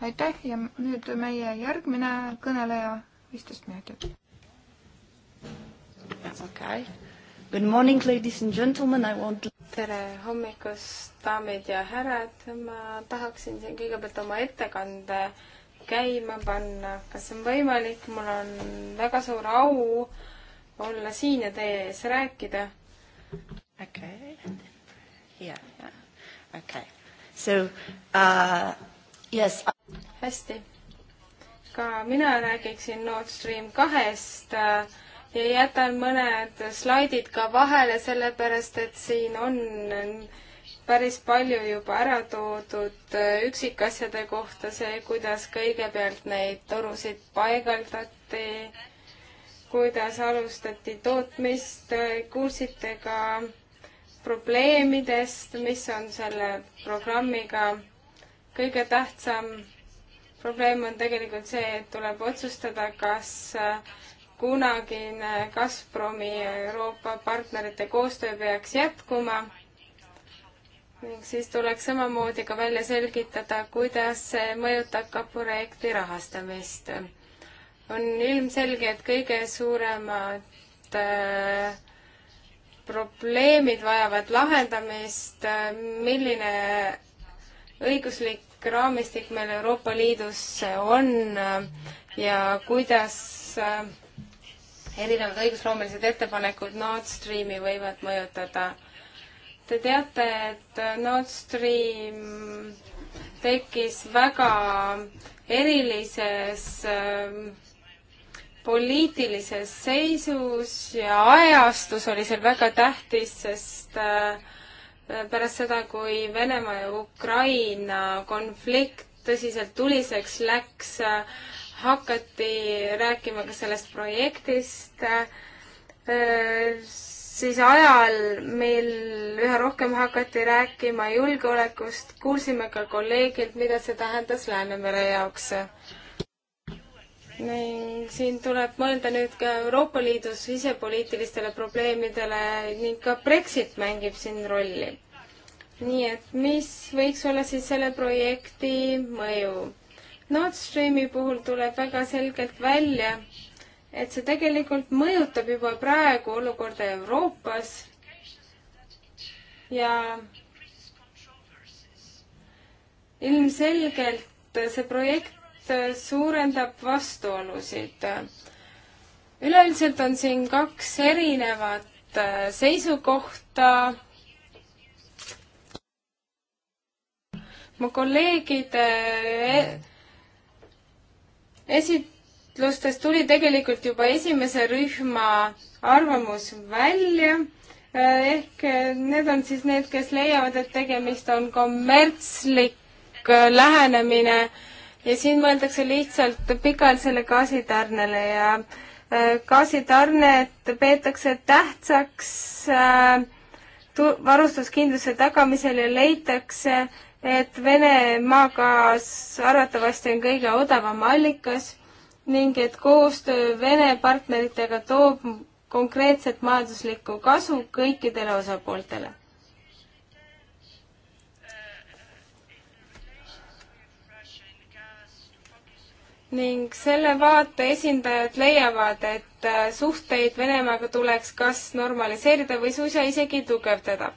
aitäh ja nüüd meie järgmine kõneleja, viisteist minutit. okei. Good morning, ladies and gentlemen, I want tere hommikust, daamid ja härrad, ma tahaksin siin kõigepealt oma ettekande käima panna, kas on võimalik, mul on väga suur au olla siin ja teie ees rääkida. okei, ja, ja, okei. So uh, yes, hästi. ka mina räägiksin Nord Stream kahest äh, ja jätan mõned slaidid ka vahele, sellepärast et siin on päris palju juba ära toodud äh, üksikasjade kohta, see, kuidas kõigepealt neid torusid paigaldati, kuidas alustati tootmist, äh, kuulsite ka probleemidest, mis on selle programmiga kõige tähtsam probleem on tegelikult see, et tuleb otsustada, kas äh, kunagine Gazpromi Euroopa partnerite koostöö peaks jätkuma ning siis tuleks samamoodi ka välja selgitada, kuidas see mõjutab ka projekti rahastamist. on ilmselge, et kõige suuremad äh, probleemid vajavad lahendamist, äh, milline õiguslik raamistik meil Euroopa Liidus on äh, ja kuidas äh, erinevad õigusloomelised ettepanekud Nord Streami võivad mõjutada. Te teate, et äh, Nord Stream tekkis väga erilises poliitilises seisus ja ajastus oli seal väga tähtis, sest äh, pärast seda, kui Venemaa ja Ukraina konflikt tõsiselt tuliseks läks, hakati rääkima ka sellest projektist, siis ajal meil üha rohkem hakati rääkima julgeolekust, kuulsime ka kolleegilt, mida see tähendas Läänemere jaoks ning siin tuleb mõelda nüüd ka Euroopa Liidu sisepoliitilistele probleemidele ning ka Brexit mängib siin rolli. nii et mis võiks olla siis selle projekti mõju? Nord Streami puhul tuleb väga selgelt välja, et see tegelikult mõjutab juba praegu olukorda Euroopas ja ilmselgelt see projekt sest äh, suurendab vastuolusid. üleüldiselt on siin kaks erinevat äh, seisukohta. mu kolleegide äh, esitlustes tuli tegelikult juba esimese rühma arvamus välja ehk need on siis need, kes leiavad, et tegemist on kommertslik lähenemine ja siin mõeldakse lihtsalt pikaajalisele gaasitarnele ja äh, gaasitarnet peetakse tähtsaks äh, varustuskindluse tagamisel ja leitakse, et Vene maagaas arvatavasti on kõige odavam allikas ning et koostöö Vene partneritega toob konkreetset majanduslikku kasu kõikidele osapooltele. ning selle vaate esindajad leiavad, et äh, suhteid Venemaaga tuleks kas normaliseerida või suisa isegi tugevdada.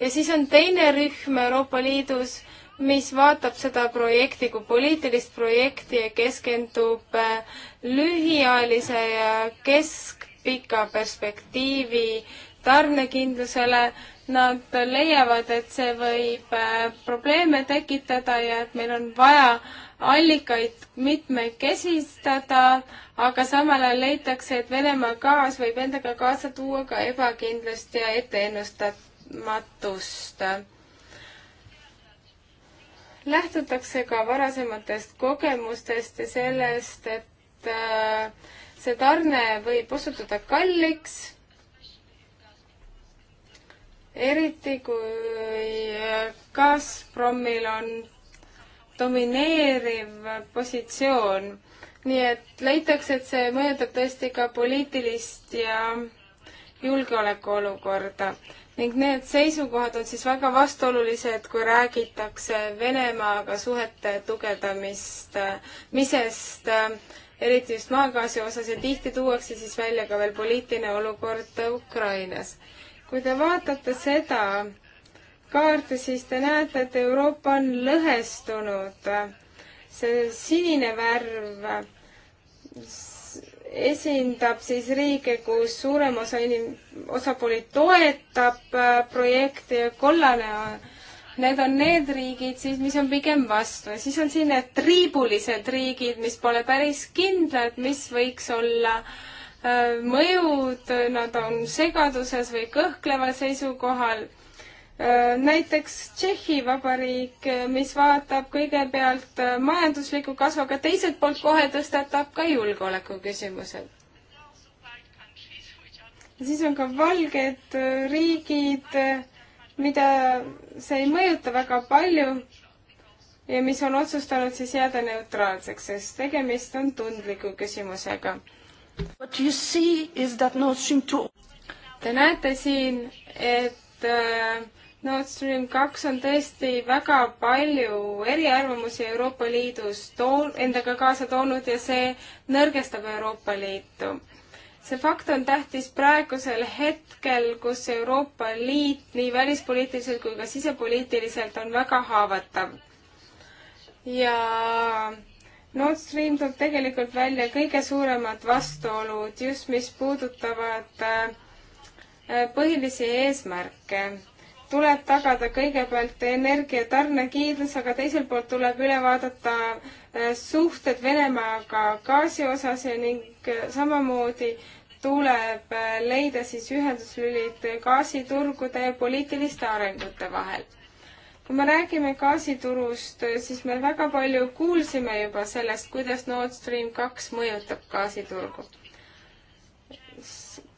ja siis on teine rühm Euroopa Liidus, mis vaatab seda projekti kui poliitilist projekti ja keskendub äh, lühiajalise ja keskpika perspektiivi tarnekindlusele. Nad leiavad, et see võib äh, probleeme tekitada ja et meil on vaja allikaid mitmekesistada, aga samal ajal leitakse, et Venemaa gaas võib endaga kaasa tuua ka ebakindlust ja etteennustamatust. lähtutakse ka varasematest kogemustest ja sellest, et äh, see tarne võib osutuda kalliks eriti kui äh, Gazpromil on domineeriv positsioon. nii et leitakse, et see mõjutab tõesti ka poliitilist ja julgeolekuolukorda ning need seisukohad on siis väga vastuolulised, kui räägitakse Venemaaga suhete tugevdamist, misest, eriti just maagaasi osas ja tihti tuuakse siis välja ka veel poliitiline olukord Ukrainas. kui te vaatate seda, kaarte, siis te näete, et Euroopa on lõhestunud. see sinine värv esindab siis riike, kus suurem osa inim-, osapooli toetab äh, projekti ja kollane on need on need riigid siis, mis on pigem vastu ja siis on siin need triibulised riigid, mis pole päris kindlad, mis võiks olla äh, mõjud, nad on segaduses või kõhkleval seisukohal Äh, näiteks Tšehhi Vabariik, äh, mis vaatab kõigepealt äh, majandusliku kasvu, aga teiselt poolt kohe tõstatab ka julgeolekuküsimused. ja siis on ka valged riigid, mida see ei mõjuta väga palju ja mis on otsustanud siis jääda neutraalseks, sest tegemist on tundliku küsimusega. Te näete siin, et äh, Nord Stream kaks on tõesti väga palju eriarvamusi Euroopa Liidus toon-, endaga kaasa toonud ja see nõrgestab Euroopa Liitu. see fakt on tähtis praegusel hetkel, kus Euroopa Liit nii välispoliitiliselt kui ka sisepoliitiliselt on väga haavatav. ja Nord Stream toob tegelikult välja kõige suuremad vastuolud just, mis puudutavad äh, põhilisi eesmärke tuleb tagada kõigepealt energiatarnekindlus, aga teiselt poolt tuleb üle vaadata äh, suhted Venemaaga gaasi osas ning äh, samamoodi tuleb äh, leida siis ühenduslülid gaasiturgude ja poliitiliste arengute vahel. kui me räägime gaasiturust, siis me väga palju kuulsime juba sellest, kuidas Nord Stream kaks mõjutab gaasiturgu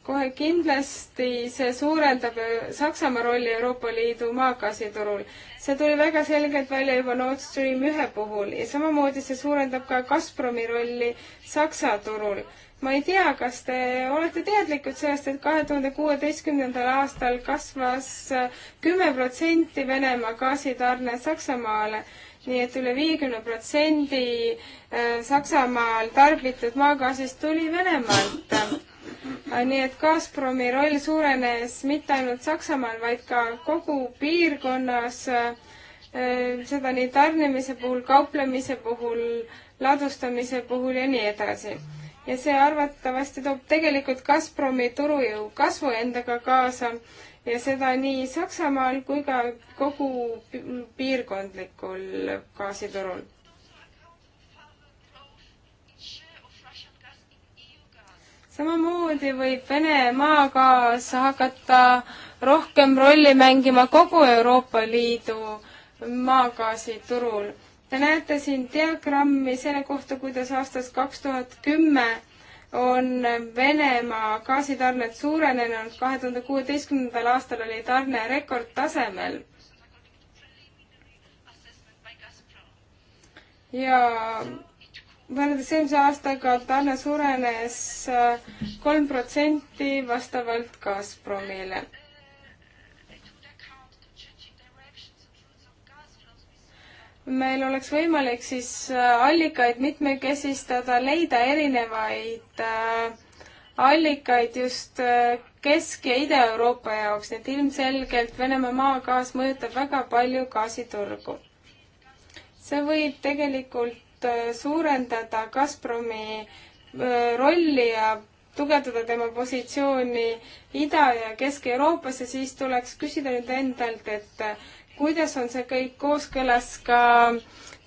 kohe kindlasti see suurendab Saksamaa rolli Euroopa Liidu maagaasiturul. see tuli väga selgelt välja juba Nord Stream ühe puhul ja samamoodi see suurendab ka Gazpromi rolli Saksa turul. ma ei tea, kas te olete teadlikud sellest, et kahe tuhande kuueteistkümnendal aastal kasvas kümme protsenti Venemaa gaasitarne Saksamaale nii et üle viiekümne protsendi äh, Saksamaal tarbitud maagaasist tuli Venemaalt nii et Gazpromi roll suurenes mitte ainult Saksamaal, vaid ka kogu piirkonnas, äh, seda nii tarnimise puhul, kauplemise puhul, ladustamise puhul ja nii edasi. ja see arvatavasti toob tegelikult Gazpromi turujõu kasvu endaga kaasa ja seda nii Saksamaal kui ka kogu piirkondlikul gaasiturul. samamoodi võib Vene maagaas hakata rohkem rolli mängima kogu Euroopa Liidu maagaasiturul. Te näete siin diagrammi selle kohta, kuidas aastast kaks tuhat kümme on Venemaa gaasitarned suurenenud, kahe tuhande kuueteistkümnendal aastal oli tarne rekordtasemel ja võrreldes eelmise aastaga tarne suurenes äh, kolm protsenti vastavalt Gazpromile. meil oleks võimalik siis äh, allikaid mitmekesistada, leida erinevaid äh, allikaid just Kesk- ja Ida-Euroopa jaoks, nii et ilmselgelt Venemaa maagaas mõjutab väga palju gaasiturgu. see võib tegelikult Äh, suurendada Gazpromi äh, rolli ja tugevdada tema positsiooni Ida- ja Kesk-Euroopas ja siis tuleks küsida nüüd endalt, et äh, kuidas on see kõik kooskõlas ka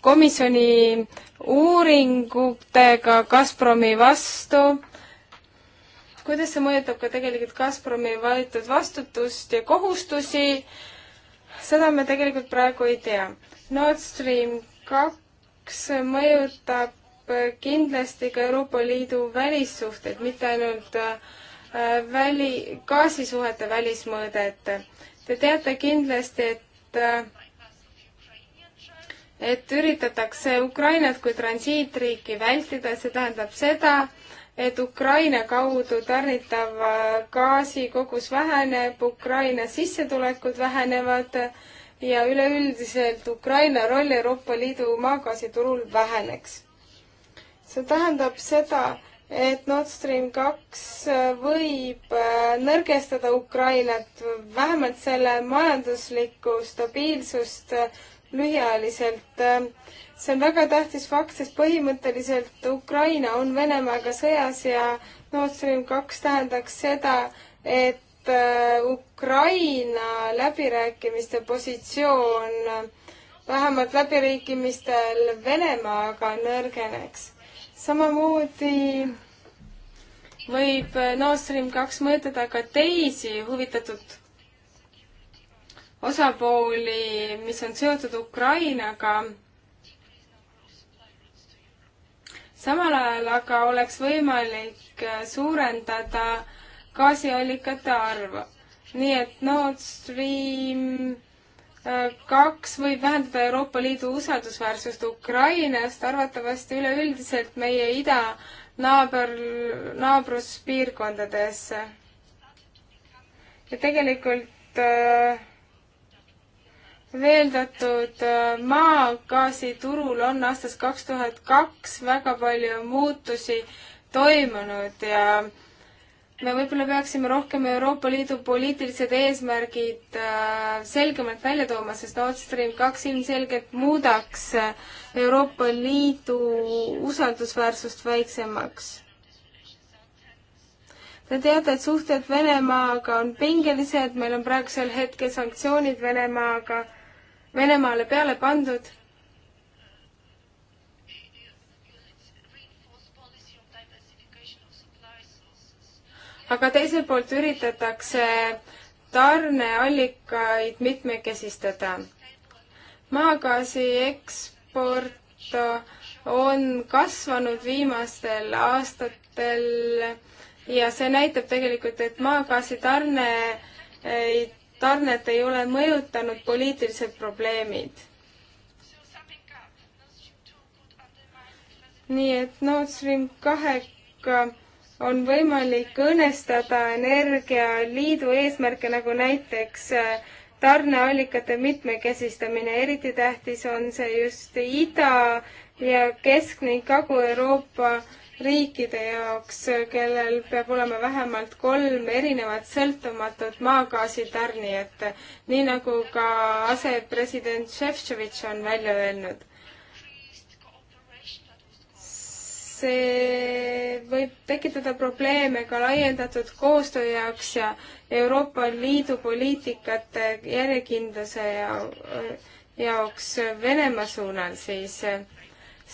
komisjoni uuringutega Gazpromi vastu, kuidas see mõjutab ka tegelikult Gazpromi võetud vastutust ja kohustusi, seda me tegelikult praegu ei tea. Nord Stream kaks maks mõjutab kindlasti ka Euroopa Liidu välissuhteid, mitte ainult äh, väli, gaasisuhete välismõõdet. Te teate kindlasti, et äh, et üritatakse Ukrainat kui transiitriiki vältida, see tähendab seda, et Ukraina kaudu tarnitav gaasi kogus väheneb, Ukraina sissetulekud vähenevad äh, ja üleüldiselt Ukraina roll Euroopa Liidu maagaasiturul väheneks. see tähendab seda, et Nord Stream kaks võib äh, nõrgestada Ukrainat, vähemalt selle majanduslikku stabiilsust äh, lühiajaliselt. Äh, see on väga tähtis fakt, sest põhimõtteliselt Ukraina on Venemaaga sõjas ja Nord Stream kaks tähendaks seda, et Äh, Ukraina läbirääkimiste positsioon vähemalt läbirääkimistel Venemaaga nõrgeneks. samamoodi võib äh, Nord Stream kaks mõjutada ka teisi huvitatud osapooli, mis on seotud Ukrainaga. samal ajal aga oleks võimalik äh, suurendada gaasiallikate arv. nii et Nord Stream äh, kaks võib vähendada Euroopa Liidu usaldusväärsust Ukrainast, arvatavasti üleüldiselt meie idanaaber, naabruspiirkondades. ja tegelikult äh, veeldatud äh, maagaasiturul on aastast kaks tuhat kaks väga palju muutusi toimunud ja äh, me võib-olla peaksime rohkem Euroopa Liidu poliitilised eesmärgid äh, selgemalt välja tooma, sest Nord Stream kaks ilmselgelt muudaks äh, Euroopa Liidu usaldusväärsust väiksemaks. Te teate, et suhted Venemaaga on pingelised, meil on praegusel hetkel sanktsioonid Venemaaga, Venemaale peale pandud aga teiselt poolt üritatakse tarneallikaid mitmekesistada. maagaasi eksport on kasvanud viimastel aastatel ja see näitab tegelikult, et maagaasi tarne, tarnet ei ole mõjutanud poliitilised probleemid. nii et Nord Stream kahega on võimalik õõnestada Energialiidu eesmärke, nagu näiteks äh, tarneallikate mitmekesistamine, eriti tähtis on see just Ida ja Kesk- ning Kagu-Euroopa riikide jaoks, kellel peab olema vähemalt kolm erinevat sõltumatut maagaasi tarnijat, nii nagu ka asepresident Šefčovitš on välja öelnud. see võib tekitada probleeme ka laiendatud koostöö jaoks ja Euroopa Liidu poliitikate järjekindluse ja, jaoks Venemaa suunal, siis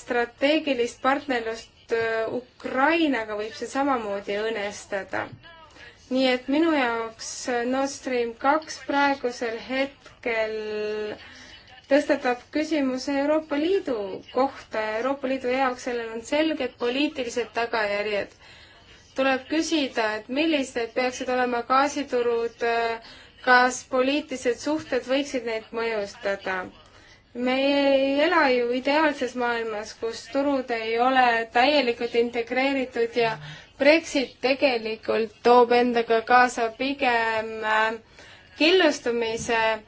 strateegilist partnerlust äh, Ukrainaga võib see samamoodi õõnestada. nii et minu jaoks Nord Stream kaks praegusel hetkel äh, tõstatab küsimuse Euroopa Liidu kohta ja Euroopa Liidu jaoks sellel on selged poliitilised tagajärjed. tuleb küsida, et millised peaksid olema gaasiturud, kas poliitilised suhted võiksid neid mõjustada? me ei ela ju ideaalses maailmas, kus turud ei ole täielikult integreeritud ja Brexit tegelikult toob endaga kaasa pigem äh, killustumise äh,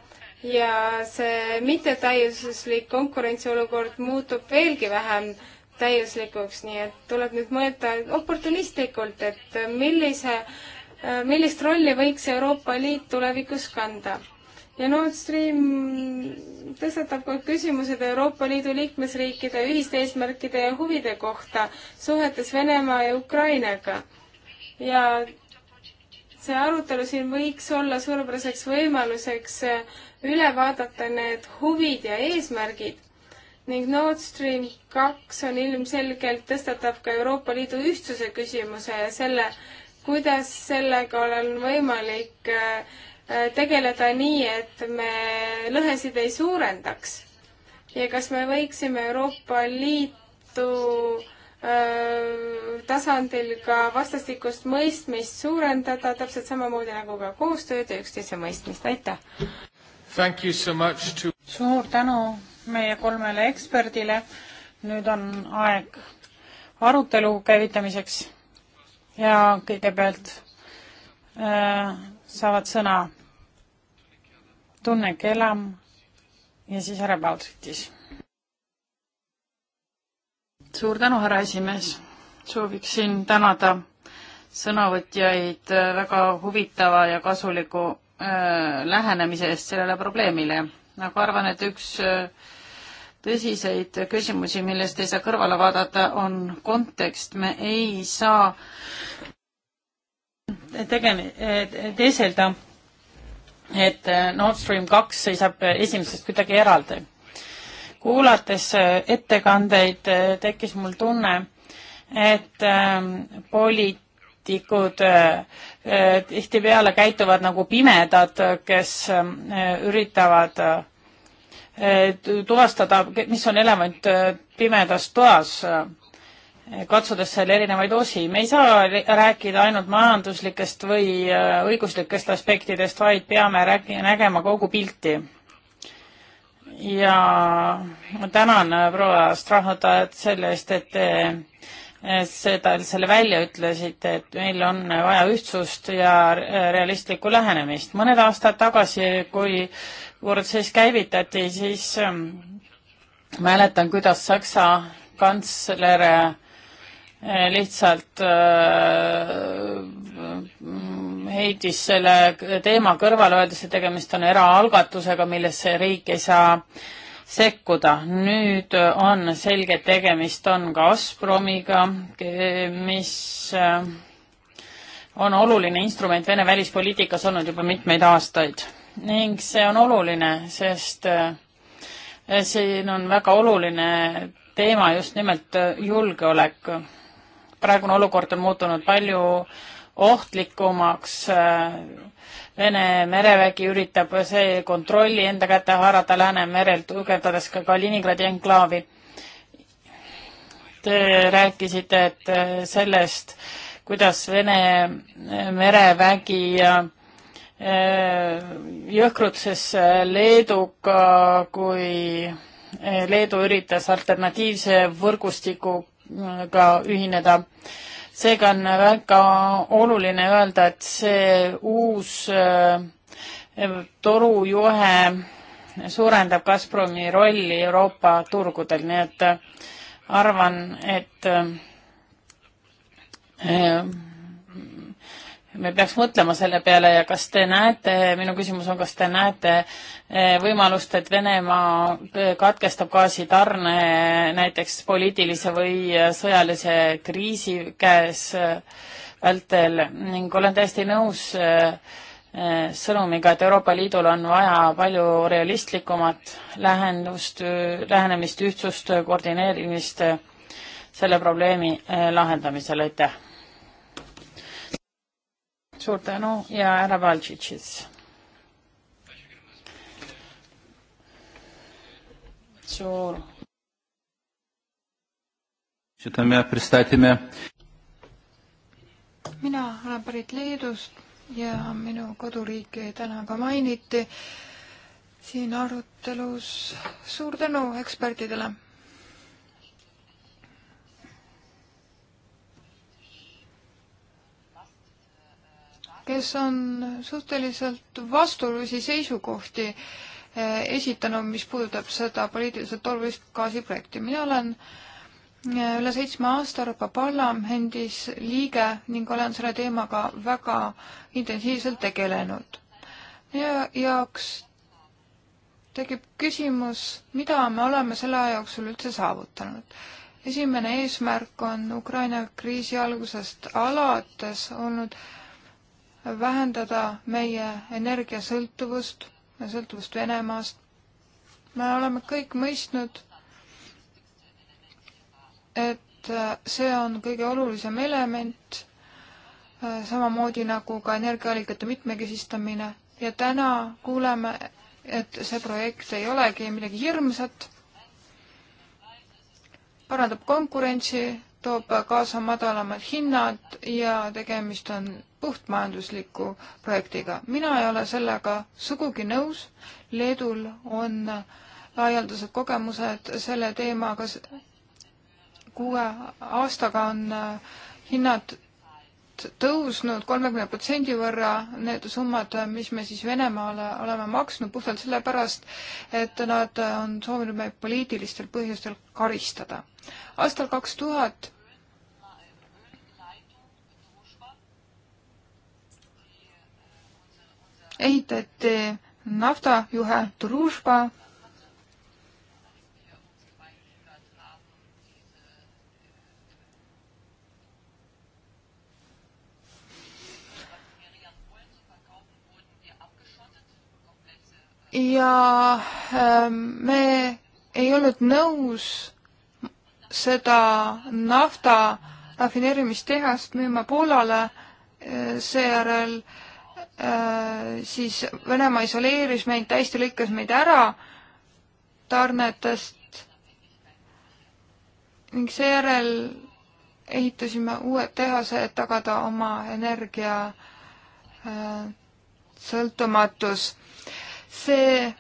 ja see mittetäiuslik konkurentsiolukord muutub veelgi vähem täiuslikuks, nii et tuleb nüüd mõelda oportunistlikult, et millise, millist rolli võiks Euroopa Liit tulevikus kanda. ja Nord Stream tõstatab ka küsimused Euroopa Liidu liikmesriikide ühiste eesmärkide ja huvide kohta suhetes Venemaa ja Ukrainaga. ja see arutelu siin võiks olla suurepäraseks võimaluseks üle vaadata need huvid ja eesmärgid ning Nord Stream kaks on ilmselgelt, tõstatab ka Euroopa Liidu ühtsuse küsimuse ja selle, kuidas sellega on võimalik äh, äh, tegeleda nii, et me lõhesid ei suurendaks. ja kas me võiksime Euroopa Liitu äh, tasandil ka vastastikust mõistmist suurendada, täpselt samamoodi nagu ka koostööd ja üksteise mõistmist, aitäh! To... suur tänu meie kolmele eksperdile. nüüd on aeg arutelu käivitamiseks ja kõigepealt äh, saavad sõna Tunne Kelam ja siis härra Paltsitis. suur tänu, härra esimees. sooviksin tänada sõnavõtjaid äh, väga huvitava ja kasuliku Äh, lähenemise eest sellele probleemile. nagu arvan, et üks äh, tõsiseid küsimusi, millest ei saa kõrvale vaadata, on kontekst. me ei saa tegem-, äh, teeselda, et Nord Stream kaks seisab esimesest kuidagi eraldi. kuulates ettekandeid, tekkis mul tunne, et ähm, poli-, poliitikud eh, eh, tihtipeale käituvad nagu pimedad, kes eh, üritavad tuvastada, mis on element pimedas toas, katsudes seal erinevaid osi. me ei saa rääkida ainult majanduslikest või õiguslikest aspektidest, vaid peame räägi-, nägema kogu pilti ja ma tänan proua Strahotajat selle eest, et te seda, selle välja ütlesite, et meil on vaja ühtsust ja realistlikku lähenemist. mõned aastad tagasi, kui protsess käivitati, siis ähm, mäletan, kuidas Saksa kantsler äh, lihtsalt äh, heitis selle teema kõrvale, öeldes, et tegemist on eraalgatusega, millesse riik ei saa äh, sekkuda. nüüd on selge, et tegemist on ka Gazpromiga, mis äh, on oluline instrument Vene välispoliitikas olnud juba mitmeid aastaid ning see on oluline, sest äh, siin on väga oluline teema just nimelt äh, julgeolek. praegune olukord on muutunud palju ohtlikumaks Vene merevägi üritab see kontrolli enda kätte haarata Läänemerel, tugevdades ka Kaliningradi enklaavi. Te rääkisite, et eh, sellest, kuidas Vene merevägi eh, jõhkrutses eh, Leeduga, kui Leedu üritas alternatiivse võrgustikuga ühineda seega on väga oluline öelda, et see uus äh, torujuhe suurendab Gazpromi rolli Euroopa turgudel, nii et äh, arvan, et äh, me peaks mõtlema selle peale ja kas te näete, minu küsimus on, kas te näete eh, võimalust, et Venemaa eh, katkestab gaasitarne eh, näiteks poliitilise või sõjalise kriisi käes vältel ning olen täiesti nõus sõnumiga, et Euroopa Liidul on vaja palju realistlikumat lähendust, lähenemist, ühtsust, koordineerimist selle probleemi lahendamisel, aitäh! suur tänu ja härra Valtšitšis. suur. mina olen pärit Leedust ja minu koduriiki täna ka mainiti siin arutelus. suur tänu ekspertidele kes on suhteliselt vastuolulisi seisukohti eh, esitanud, mis puudutab seda poliitiliselt olulist gaasiprojekti. mina olen eh, üle seitsme aasta Euroopa Parlamendis liige ning olen selle teemaga väga intensiivselt tegelenud. meie jaoks tekib küsimus, mida me oleme selle aja jooksul üldse saavutanud esimene eesmärk on Ukraina kriisi algusest alates olnud vähendada meie energiasõltuvust, sõltuvust Venemaast. me oleme kõik mõistnud, et see on kõige olulisem element, samamoodi nagu ka energiaallikate mitmekesistamine ja täna kuuleme, et see projekt ei olegi midagi hirmsat, parandab konkurentsi toob kaasa madalamad hinnad ja tegemist on puhtmajandusliku projektiga. mina ei ole sellega sugugi nõus. Leedul on laialdased kogemused selle teemaga. kuue aastaga on hinnad tõusnud kolmekümne protsendi võrra, need summad, mis me siis Venemaale oleme maksnud puhtalt sellepärast, et nad on soovinud meid poliitilistel põhjustel karistada. aastal kaks tuhat ehitati naftajuhe Družba ja ähm, me ei olnud nõus seda nafta rafineerimistehast müüma Poolale, äh, seejärel äh, Äh, siis Venemaa isoleeris meid, täiesti lõikas meid ära tarnetest ning seejärel ehitasime uued tehase, et tagada oma energia äh, sõltumatus. see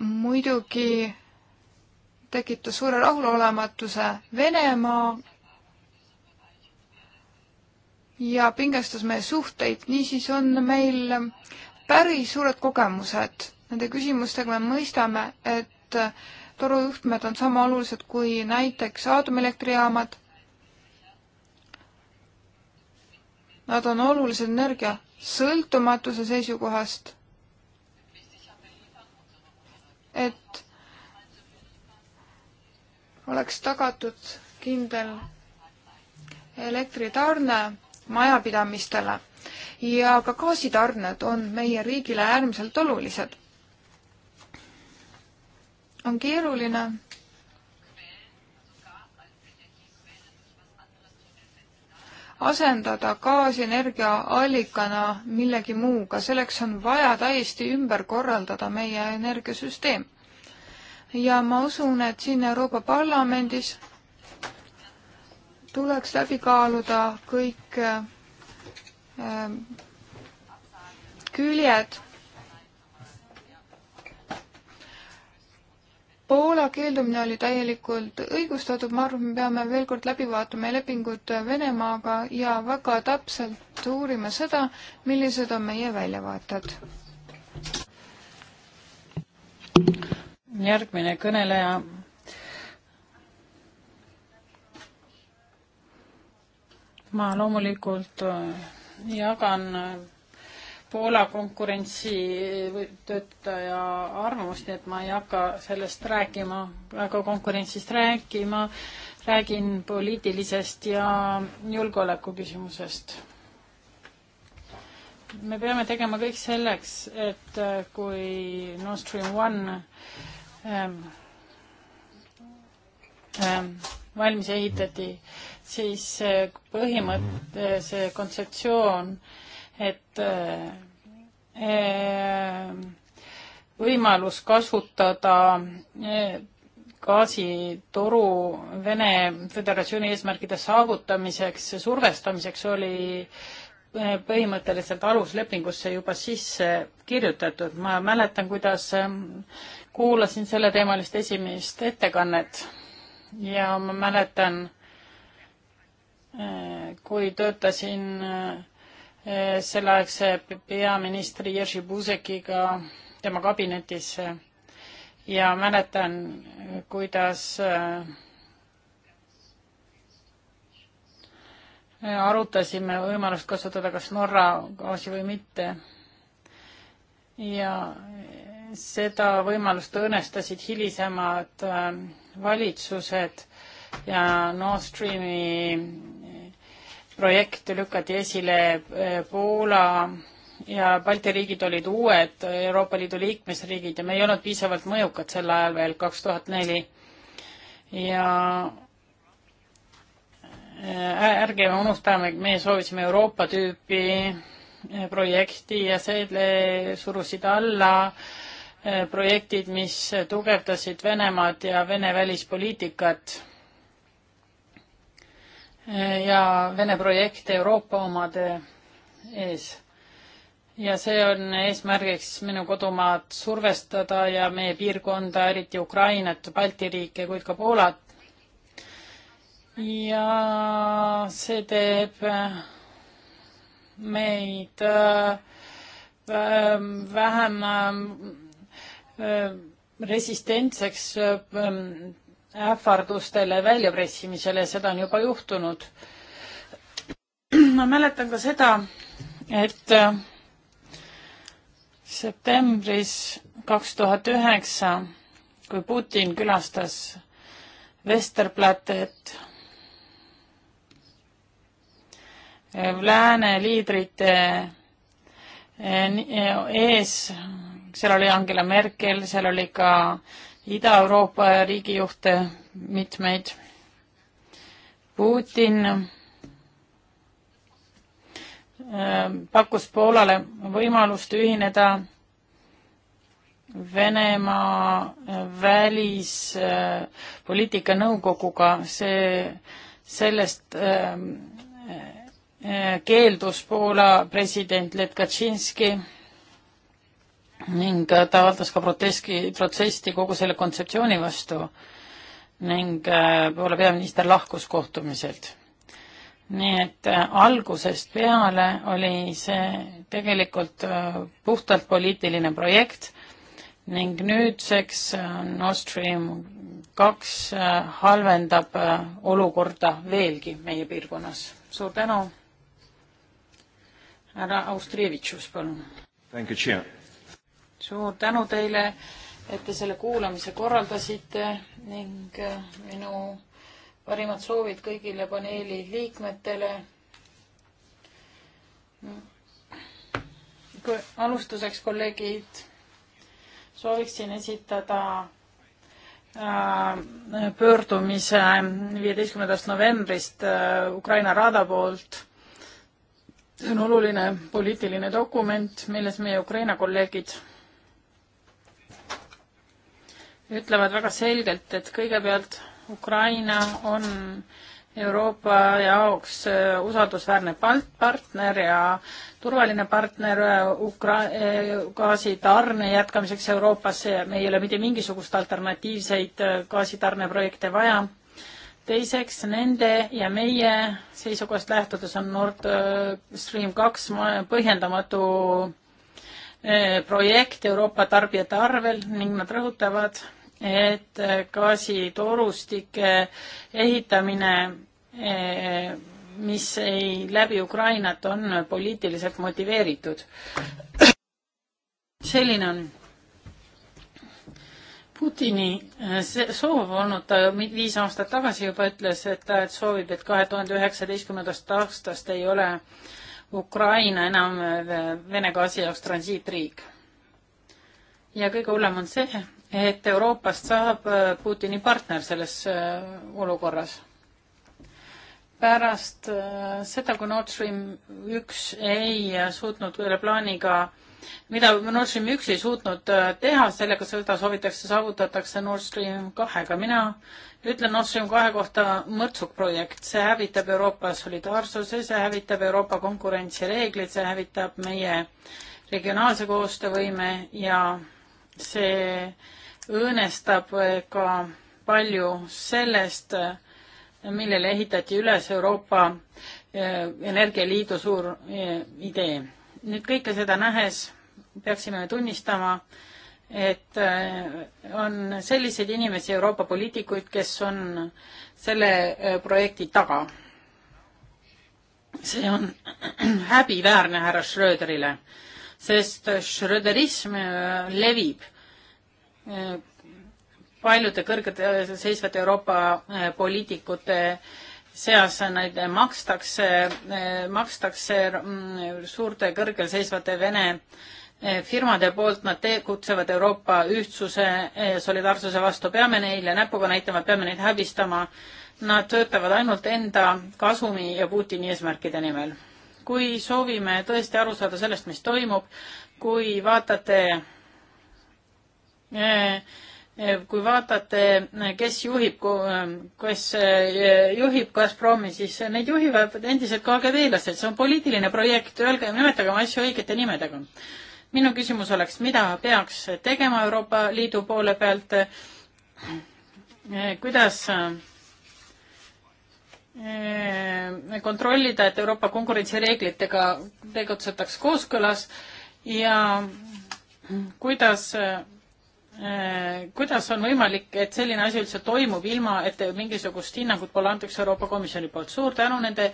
muidugi tekitas suure rahulolematuse Venemaa ja pingestas meie suhteid, niisiis on meil päris suured kogemused. Nende küsimustega me mõistame, et torujuhtmed on sama olulised kui näiteks aatomilektrijaamad. Nad on olulised energia sõltumatuse seisukohast. et oleks tagatud kindel elektritarne majapidamistele ja ka gaasitarned on meie riigile äärmiselt olulised. on keeruline asendada gaasenergia allikana millegi muuga, selleks on vaja täiesti ümber korraldada meie energiasüsteem. ja ma usun, et siin Euroopa Parlamendis tuleks läbi kaaluda kõik äh, küljed. Poola keeldumine oli täielikult õigustatud, ma arvan, me peame veel kord läbi vaatama lepingut Venemaaga ja väga täpselt uurima seda, millised on meie väljavaated. järgmine kõneleja ma loomulikult äh, jagan äh, Poola konkurentsitöötaja äh, arvamust, nii et ma ei hakka sellest rääkima, väga konkurentsist rääkima, räägin poliitilisest ja julgeoleku küsimusest. me peame tegema kõik selleks, et kui Nord Stream One ähm, ähm, valmis ehitati äh, siis põhimõte, see kontseptsioon, et äh, äh, võimalus kasutada äh, gaasitoru Vene Föderatsiooni eesmärkide saavutamiseks, survestamiseks oli põhimõtteliselt aluslepingusse juba sisse kirjutatud. ma mäletan, kuidas ähm, kuulasin selleteemalist esimest ettekannet ja ma mäletan, Äh, kui töötasin äh, selleaegse peaministri Jerzy Buzekiga tema kabinetis ja mäletan, kuidas äh, arutasime võimalust kasutada kas Norra gaasi või mitte. ja seda võimalust õõnestasid hilisemad valitsused ja Nord Streami projekt lükati esile eh, Poola ja Balti riigid olid uued Euroopa Liidu liikmesriigid ja me ei olnud piisavalt mõjukad sel ajal veel, kaks tuhat neli. ja eh, ärge unustame, meie soovisime Euroopa tüüpi eh, projekti ja selle surusid alla projektid, mis tugevdasid Venemaad ja Vene välispoliitikat ja Vene projekt Euroopa omade ees. ja see on eesmärgiks minu kodumaad survestada ja meie piirkonda, eriti Ukrainat, Balti riike, kuid ka Poolat. ja see teeb meid äh, ähm, vähem ähm, äh, resistentseks äh, ähm, ähvardustele, väljapressimisele, seda on juba juhtunud. ma mäletan ka seda, et äh, septembris kaks tuhat üheksa, kui Putin külastas Vesterplattet, lääne liidrite äh, äh, ees, seal oli Angela Merkel, seal oli ka äh, Ida-Euroopa riigijuhte mitmeid. Putin äh, pakkus Poolale võimalust ühineda Venemaa välispoliitika nõukoguga, see, sellest äh, äh, keeldus Poola president Lech Kaczynski ning ta avaldas ka protesti, protsesti kogu selle kontseptsiooni vastu ning Poola äh, peaminister lahkus kohtumiselt. nii et äh, algusest peale oli see tegelikult äh, puhtalt poliitiline projekt ning nüüdseks Nord Stream kaks halvendab olukorda veelgi meie piirkonnas. suur tänu. härra Austrevitšus, palun. Thank you, Chair suur tänu teile, et te selle kuulamise korraldasite ning äh, minu parimad soovid kõigile paneeli liikmetele. alustuseks, kolleegid, sooviksin esitada äh, pöördumise viieteistkümnendast novembrist äh, Ukraina Raada poolt see on oluline poliitiline dokument, milles meie Ukraina kolleegid ütlevad väga selgelt, et kõigepealt Ukraina on Euroopa jaoks äh, usaldusväärne partner ja turvaline partner äh, Ukra-, äh, gaasitarne jätkamiseks Euroopasse ja meil ei ole mitte mingisugust alternatiivseid gaasitarneprojekte vaja. teiseks, nende ja meie seisukohast lähtudes on Nord Stream kaks põhjendamatu Eh, projekt Euroopa tarbijate arvel ning nad rõhutavad, et eh, gaasitorustike ehitamine, eh, mis ei läbi Ukrainat, on poliitiliselt motiveeritud. selline on Putini soov olnud, ta viis aastat tagasi juba ütles, et ta et soovib, et kahe tuhande üheksateistkümnendast aastast ei ole äh, Ukraina enam äh, Vene gaasi jaoks transiitriik. ja kõige hullem on see, et Euroopast saab äh, Putini partner selles äh, olukorras. pärast seda, kui Nord Stream üks ei suutnud üle plaaniga mida Nord Stream üks ei suutnud teha, sellega seda soovitakse, saavutatakse Nord Stream kahega. mina ütlen Nord Stream kahe kohta mõrtsukprojekt, see hävitab Euroopa solidaarsuse, see hävitab Euroopa konkurentsireeglid, see hävitab meie regionaalse koostöövõime ja see õõnestab ka palju sellest, millele ehitati üles Euroopa eh, Energialiidu suur eh, idee. nüüd kõike seda nähes peaksime tunnistama, et äh, on selliseid inimesi, Euroopa poliitikuid, kes on selle äh, projekti taga. see on häbiväärne härra Schröderile, sest Schröderism äh, levib paljude kõrgete seisvate Euroopa poliitikute seas neid makstakse, makstakse mm, suurte kõrgel seisvate Vene äh, Eh, firmade poolt, nad tegutsevad Euroopa ühtsuse ja eh, solidaarsuse vastu, peame neile näpuga näitama, peame neid häbistama. Nad töötavad ainult enda kasumi ja Putini eesmärkide nimel. kui soovime tõesti aru saada sellest, mis toimub, kui vaatate eh, kui vaatate, kes juhib, kes juhib Gazpromi, siis neid juhivad endiselt KGB-lased, see on poliitiline projekt, öelge, nimetagem asju õigete nimedega minu küsimus oleks, mida peaks tegema Euroopa Liidu poole pealt, kuidas eh, kontrollida, et Euroopa konkurentsireeglitega tegutsetaks kooskõlas ja kuidas, eh, kuidas on võimalik, et selline asi üldse toimub, ilma et mingisugust hinnangut pole antud Euroopa Komisjoni poolt. suur tänu nende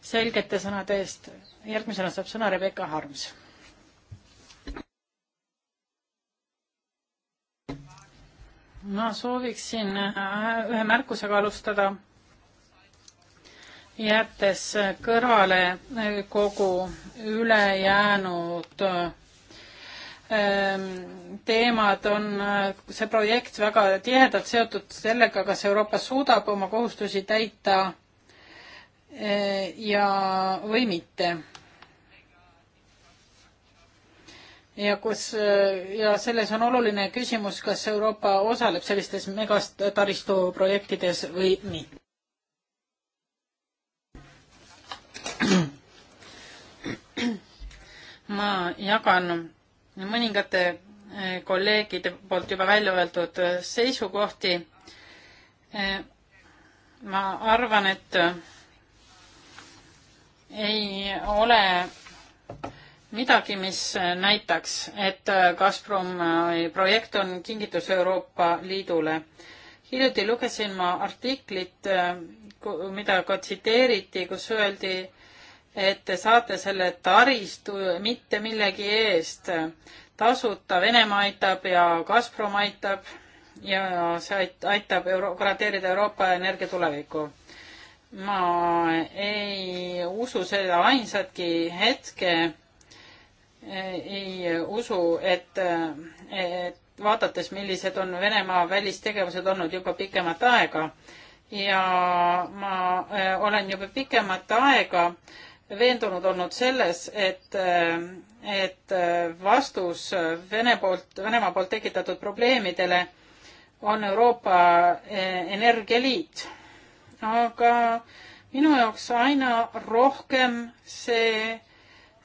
selgete sõnade eest. järgmisena saab sõna Rebecca Harms ma sooviksin äh, ühe märkusega alustada, jättes kõrvale äh, kogu ülejäänud ähm, teemad, on äh, see projekt väga tihedalt seotud sellega, kas Euroopa suudab oma kohustusi täita ja, või mitte ja kus ja selles on oluline küsimus, kas Euroopa osaleb sellistes megast taristuprojektides või mitte. ma jagan mõningate eh, kolleegide poolt juba välja öeldud eh, seisukohti. Eh, ma arvan, et ei ole midagi, mis näitaks, et Gazpromi projekt on kingitus Euroopa Liidule. hiljuti lugesin ma artiklit, mida ka tsiteeriti, kus öeldi, et te saate selle taristu mitte millegi eest. tasuta Venemaa aitab ja Gazprom aitab ja see aitab euro-, garanteerida Euroopa energia tulevikku ma ei usu seda ainsatki hetke, ei usu, et, et vaadates, millised on Venemaa välistegevused olnud juba pikemat aega ja ma äh, olen juba pikemat aega veendunud olnud selles, et, äh, et äh, vastus Vene poolt, Venemaa poolt tekitatud probleemidele on Euroopa Energialiit. aga minu jaoks aina rohkem see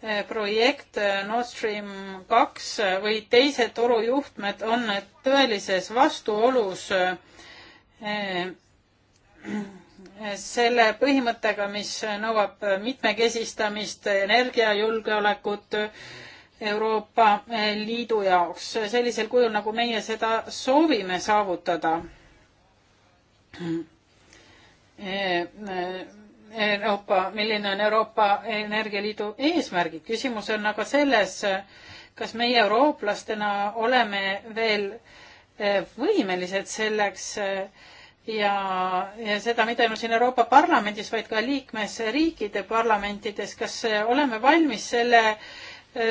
Eh, projekt eh, Nord Stream kaks eh, või teised torujuhtmed on tõelises vastuolus selle põhimõttega, mis nõuab mitmekesistamist, energiajulgeolekut Euroopa Liidu jaoks sellisel kujul, nagu meie seda soovime saavutada Euroopa, milline on Euroopa Energialiidu eesmärgid. küsimus on aga selles, kas meie eurooplastena oleme veel eh, võimelised selleks eh, ja, ja seda mitte ainult siin Euroopa Parlamendis, vaid ka liikmesriikide parlamentides, kas eh, oleme valmis selle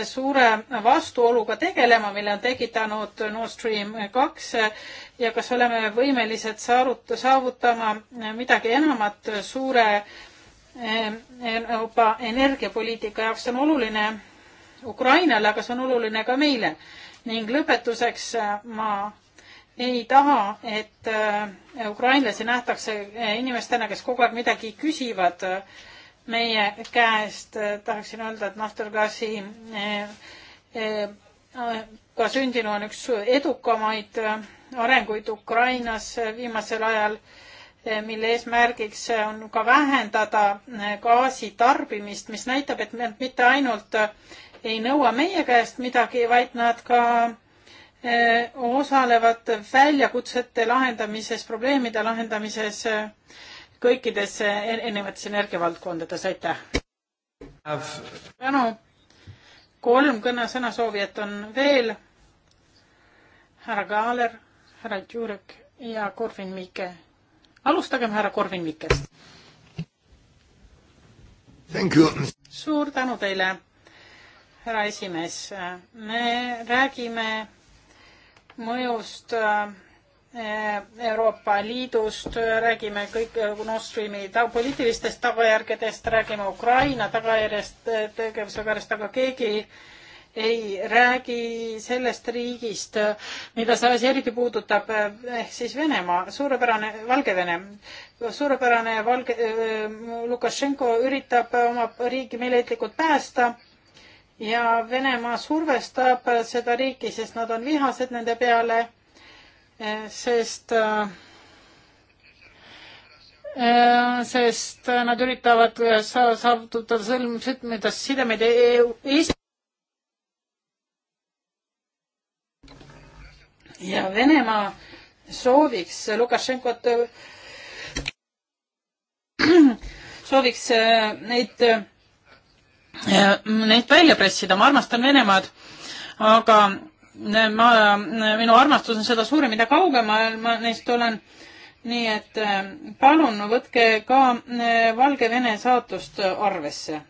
suure vastuoluga tegelema, mille on tekitanud Nord Stream kaks ja kas oleme võimelised saavutama midagi enamat suure Euroopa energiapoliitika jaoks on oluline Ukrainale, aga see on oluline ka meile. ning lõpetuseks äh, ma ei taha, et äh, ukrainlasi nähtakse äh, inimestena, kes kogu aeg midagi küsivad meie käest. tahaksin öelda, et Naftalgasi ka sündinu on üks edukamaid arenguid Ukrainas viimasel ajal Eh, mille eesmärgiks eh, on ka vähendada eh, gaasi tarbimist, mis näitab, et nad mitte ainult ei nõua meie käest midagi, vaid nad ka osalevad väljakutsete lahendamises, probleemide lahendamises kõikides erinevates energiavaldkondades, aitäh! tänu! kolm kõnesõna soovijat on veel. härra Kaaler, härra Tjurek ja Korvin Mikke alustagem härra Korvin Mikkest. suur tänu teile, härra esimees. me räägime mõjust eh, Euroopa Liidust, räägime kõik Nord Streami ta poliitilistest tagajärgedest, räägime Ukraina tagajärjest, eh, tegevusega järjest, aga keegi ei räägi sellest riigist, mida see asi eriti puudutab, ehk siis Venemaa, suurepärane Valgevene, suurepärane Valge-, äh, Lukašenko üritab oma riigi meeleheitlikult päästa ja Venemaa survestab seda riiki, sest nad on vihased nende peale, äh, sest äh, sest nad üritavad saavutada sõlmida sidemeid Eesti ja Venemaa sooviks Lukašenkot, äh, sooviks äh, neid, äh, neid välja pressida, ma armastan Venemaad, aga ma, minu armastus on seda suurem, mida kaugemal ma neist olen. nii et palun võtke ka Valgevene saatust arvesse.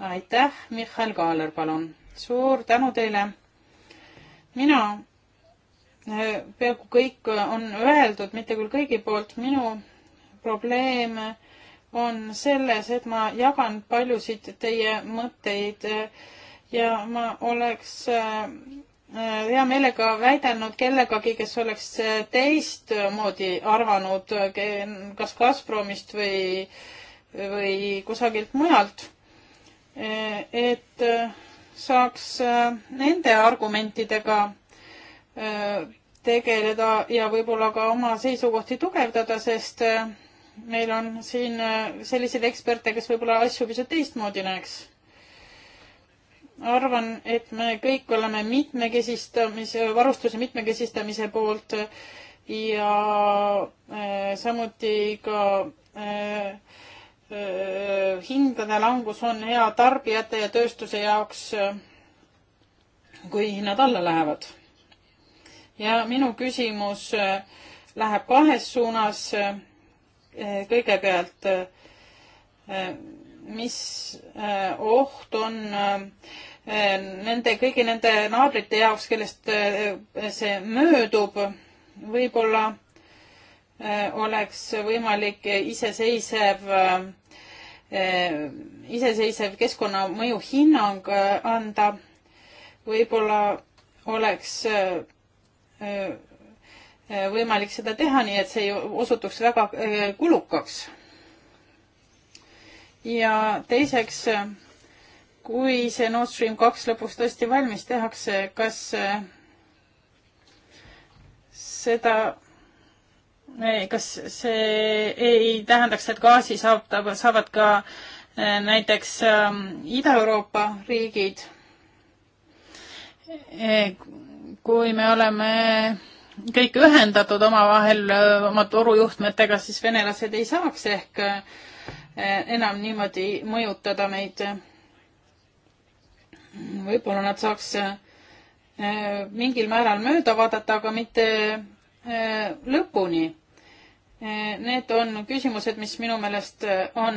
aitäh, Mihhail Kaaler, palun. suur tänu teile mina, äh, peaaegu kõik on öeldud, mitte küll kõigi poolt, minu probleem on selles, et ma jagan paljusid teie mõtteid äh, ja ma oleks äh, hea meelega väidelnud kellegagi, kes oleks teistmoodi arvanud, kas Gazpromist või, või kusagilt mujalt. et saaks äh, nende argumentidega äh, tegeleda ja võib-olla ka oma seisukohti tugevdada, sest äh, meil on siin selliseid eksperte, kes võib-olla asju pisut teistmoodi näeks. arvan, et me kõik oleme mitmekesistamise, varustuse mitmekesistamise poolt ja samuti ka äh, hindade langus on hea tarbijate ja tööstuse jaoks, kui hinnad alla lähevad. ja minu küsimus läheb kahes suunas. kõigepealt, mis oht on nende, kõigi nende naabrite jaoks, kellest see möödub, võib-olla Äh, oleks võimalik iseseisev, äh, iseseisev keskkonnamõju hinnang äh, anda. võib-olla oleks võimalik seda teha, nii et see osutuks väga kulukaks. ja teiseks, kui see Nord Stream kaks lõpuks tõesti valmis tehakse, kas seda kas see ei tähendaks, et gaasi saab, saavad ka äh, näiteks ähm, Ida-Euroopa riigid? kui me oleme kõik ühendatud omavahel äh, oma torujuhtmetega, siis venelased ei saaks ehk äh, enam niimoodi mõjutada meid. võib-olla nad saaks mingil määral mööda vaadata, aga mitte Äh, lõpuni. Äh, need on küsimused, mis minu meelest äh, on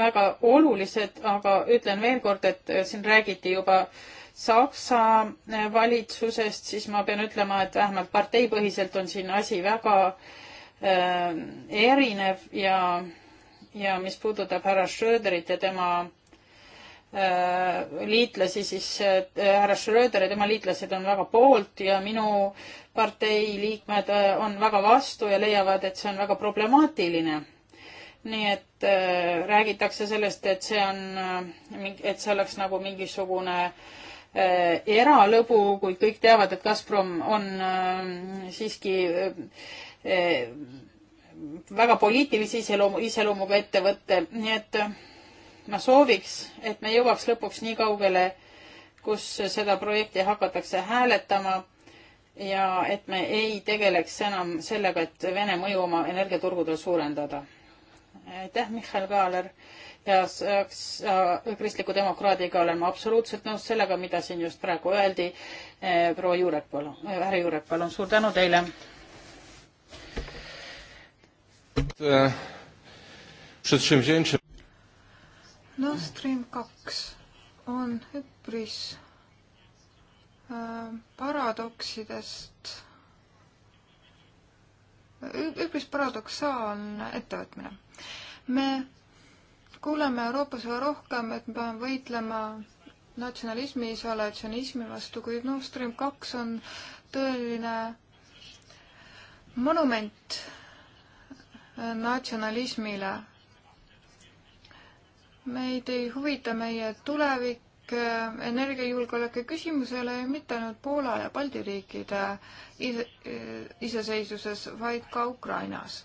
väga olulised, aga ütlen veel kord, et siin räägiti juba Saksa valitsusest, siis ma pean ütlema, et vähemalt parteipõhiselt on siin asi väga äh, erinev ja, ja mis puudutab härra Schröderit ja tema Äh, liitlasi, siis äh, härra Schröder ja tema liitlased on väga poolt ja minu partei liikmed äh, on väga vastu ja leiavad, et see on väga problemaatiline. nii et äh, räägitakse sellest, et see on, et see oleks nagu mingisugune äh, eralõbu, kuid kõik teavad, et Gazprom on äh, siiski väga poliitilise iseloomu, iseloomuga ettevõte, nii et ma sooviks, et me jõuaks lõpuks nii kaugele, kus seda projekti hakatakse hääletama ja et me ei tegeleks enam sellega, et Vene mõju oma energiaturgudel suurendada. aitäh, Michal Kaaler ja kristliku demokraadiga olen ma absoluutselt nõus sellega, mida siin just praegu öeldi. Eh, proua Juurek, palun, eh, härra Juurek, palun, suur tänu teile. Eh, przedsięwzięcie Nord Stream kaks on üpris äh, paradoksidest, üpris paradoksaalne ettevõtmine. me kuuleme Euroopas üha rohkem, et me peame võitlema natsionalismi, isolatsionismi vastu, kuid Nord Stream kaks on tõeline monument äh, natsionalismile meid ei huvita meie tulevik, äh, energiajulgeoleku küsimusele mitte ainult Poola ja Balti riikide äh, iseseisvuses, vaid ka Ukrainas.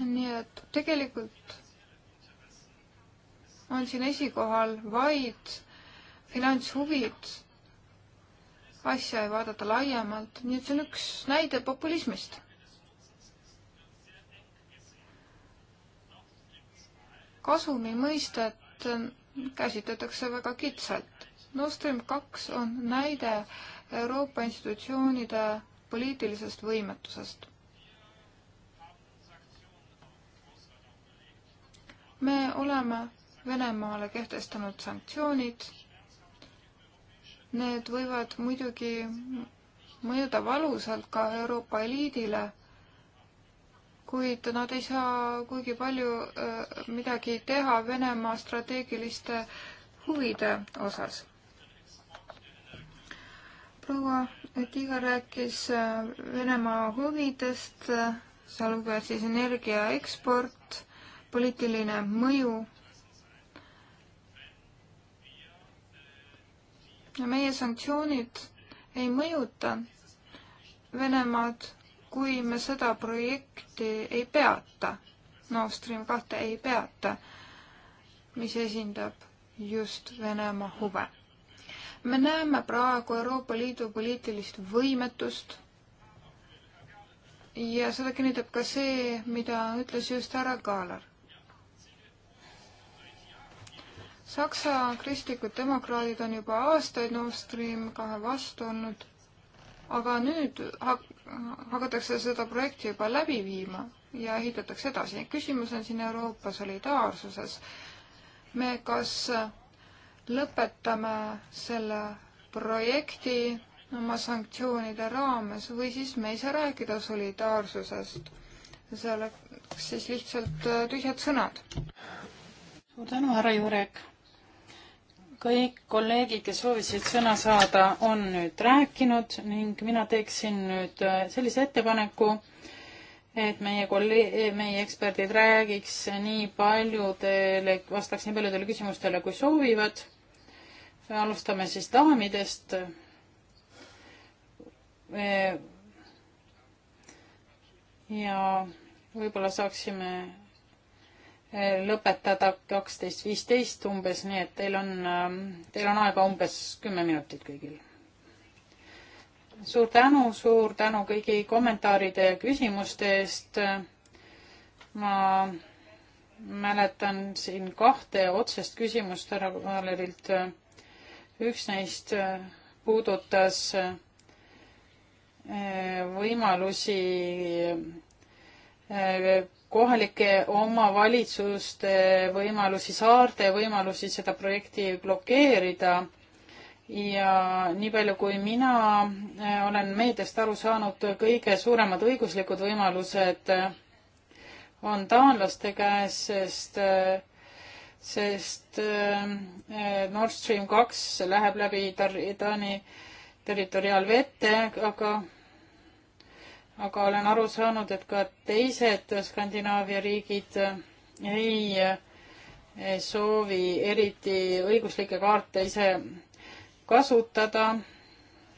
nii et tegelikult on siin esikohal vaid finantshuvid, asja ei vaadata laiemalt, nii et see on üks näide populismist kasumi mõistet käsitletakse väga kitsalt. Nord Stream kaks on näide Euroopa institutsioonide poliitilisest võimetusest. me oleme Venemaale kehtestanud sanktsioonid. Need võivad muidugi mõjuda valusalt ka Euroopa eliidile kuid nad ei saa kuigi palju äh, midagi teha Venemaa strateegiliste huvide osas. proua Tiiga rääkis äh, Venemaa huvidest, äh, sealhulgas siis energia eksport, poliitiline mõju. ja meie sanktsioonid ei mõjuta Venemaad kui me seda projekti ei peata, Nord Stream kahte ei peata, mis esindab just Venemaa huve. me näeme praegu Euroopa Liidu poliitilist võimetust ja seda kinnitab ka see, mida ütles just härra Kaalar. Saksa kristlikud demokraadid on juba aastaid Nord Stream kahe vastu olnud aga nüüd hak-, hakatakse seda projekti juba läbi viima ja ehitatakse edasi. küsimus on siin Euroopa solidaarsuses. me kas lõpetame selle projekti oma sanktsioonide raames või siis me ei saa rääkida solidaarsusest. see oleks siis lihtsalt äh, tühjad sõnad. suur tänu, härra Jurek kõik kolleegid, kes soovisid sõna saada, on nüüd rääkinud ning mina teeksin nüüd äh, sellise ettepaneku, et meie kolleeg-, meie eksperdid räägiks nii paljudele, vastaks nii paljudele küsimustele, kui soovivad. alustame siis daamidest. Äh, ja võib-olla saaksime lõpetada kaksteist viisteist umbes, nii et teil on, teil on aega umbes kümme minutit kõigil. suur tänu, suur tänu kõigi kommentaaride ja küsimuste eest. ma mäletan siin kahte otsest küsimust härra Valerilt. üks neist puudutas eh, võimalusi eh, kohalike omavalitsuste võimalusi, saarte võimalusi seda projekti blokeerida. ja nii palju, kui mina äh, olen meediast aru saanud, kõige suuremad õiguslikud võimalused äh, on taanlaste käes, sest, äh, sest Nord Stream kaks läheb läbi Taani territoriaalvette, aga aga olen aru saanud, et ka teised Skandinaavia riigid ei soovi eriti õiguslikke kaarte ise kasutada.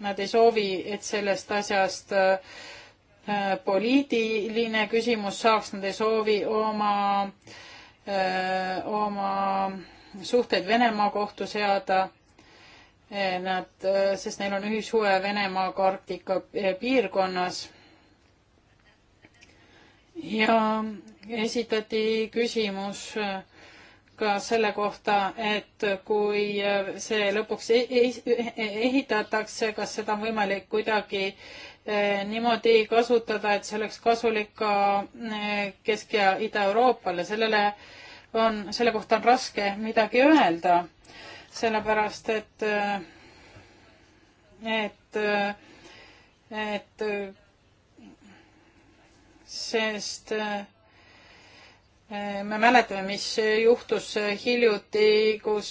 Nad ei soovi, et sellest asjast äh, poliitiline küsimus saaks, nad ei soovi oma, äh, oma suhteid Venemaa kohtu seada. Äh, nad, sest neil on ühishuve Venemaaga Arktika piirkonnas ja esitati küsimus äh, ka selle kohta, et kui äh, see lõpuks e-, e-, e-, ehitatakse, kas seda on võimalik kuidagi äh, niimoodi kasutada, et see oleks kasulik ka Kesk- ja Ida-Euroopale, sellele on, selle kohta on raske midagi öelda, sellepärast et, et, et sest äh, äh, me mäletame, mis juhtus hiljuti, kus,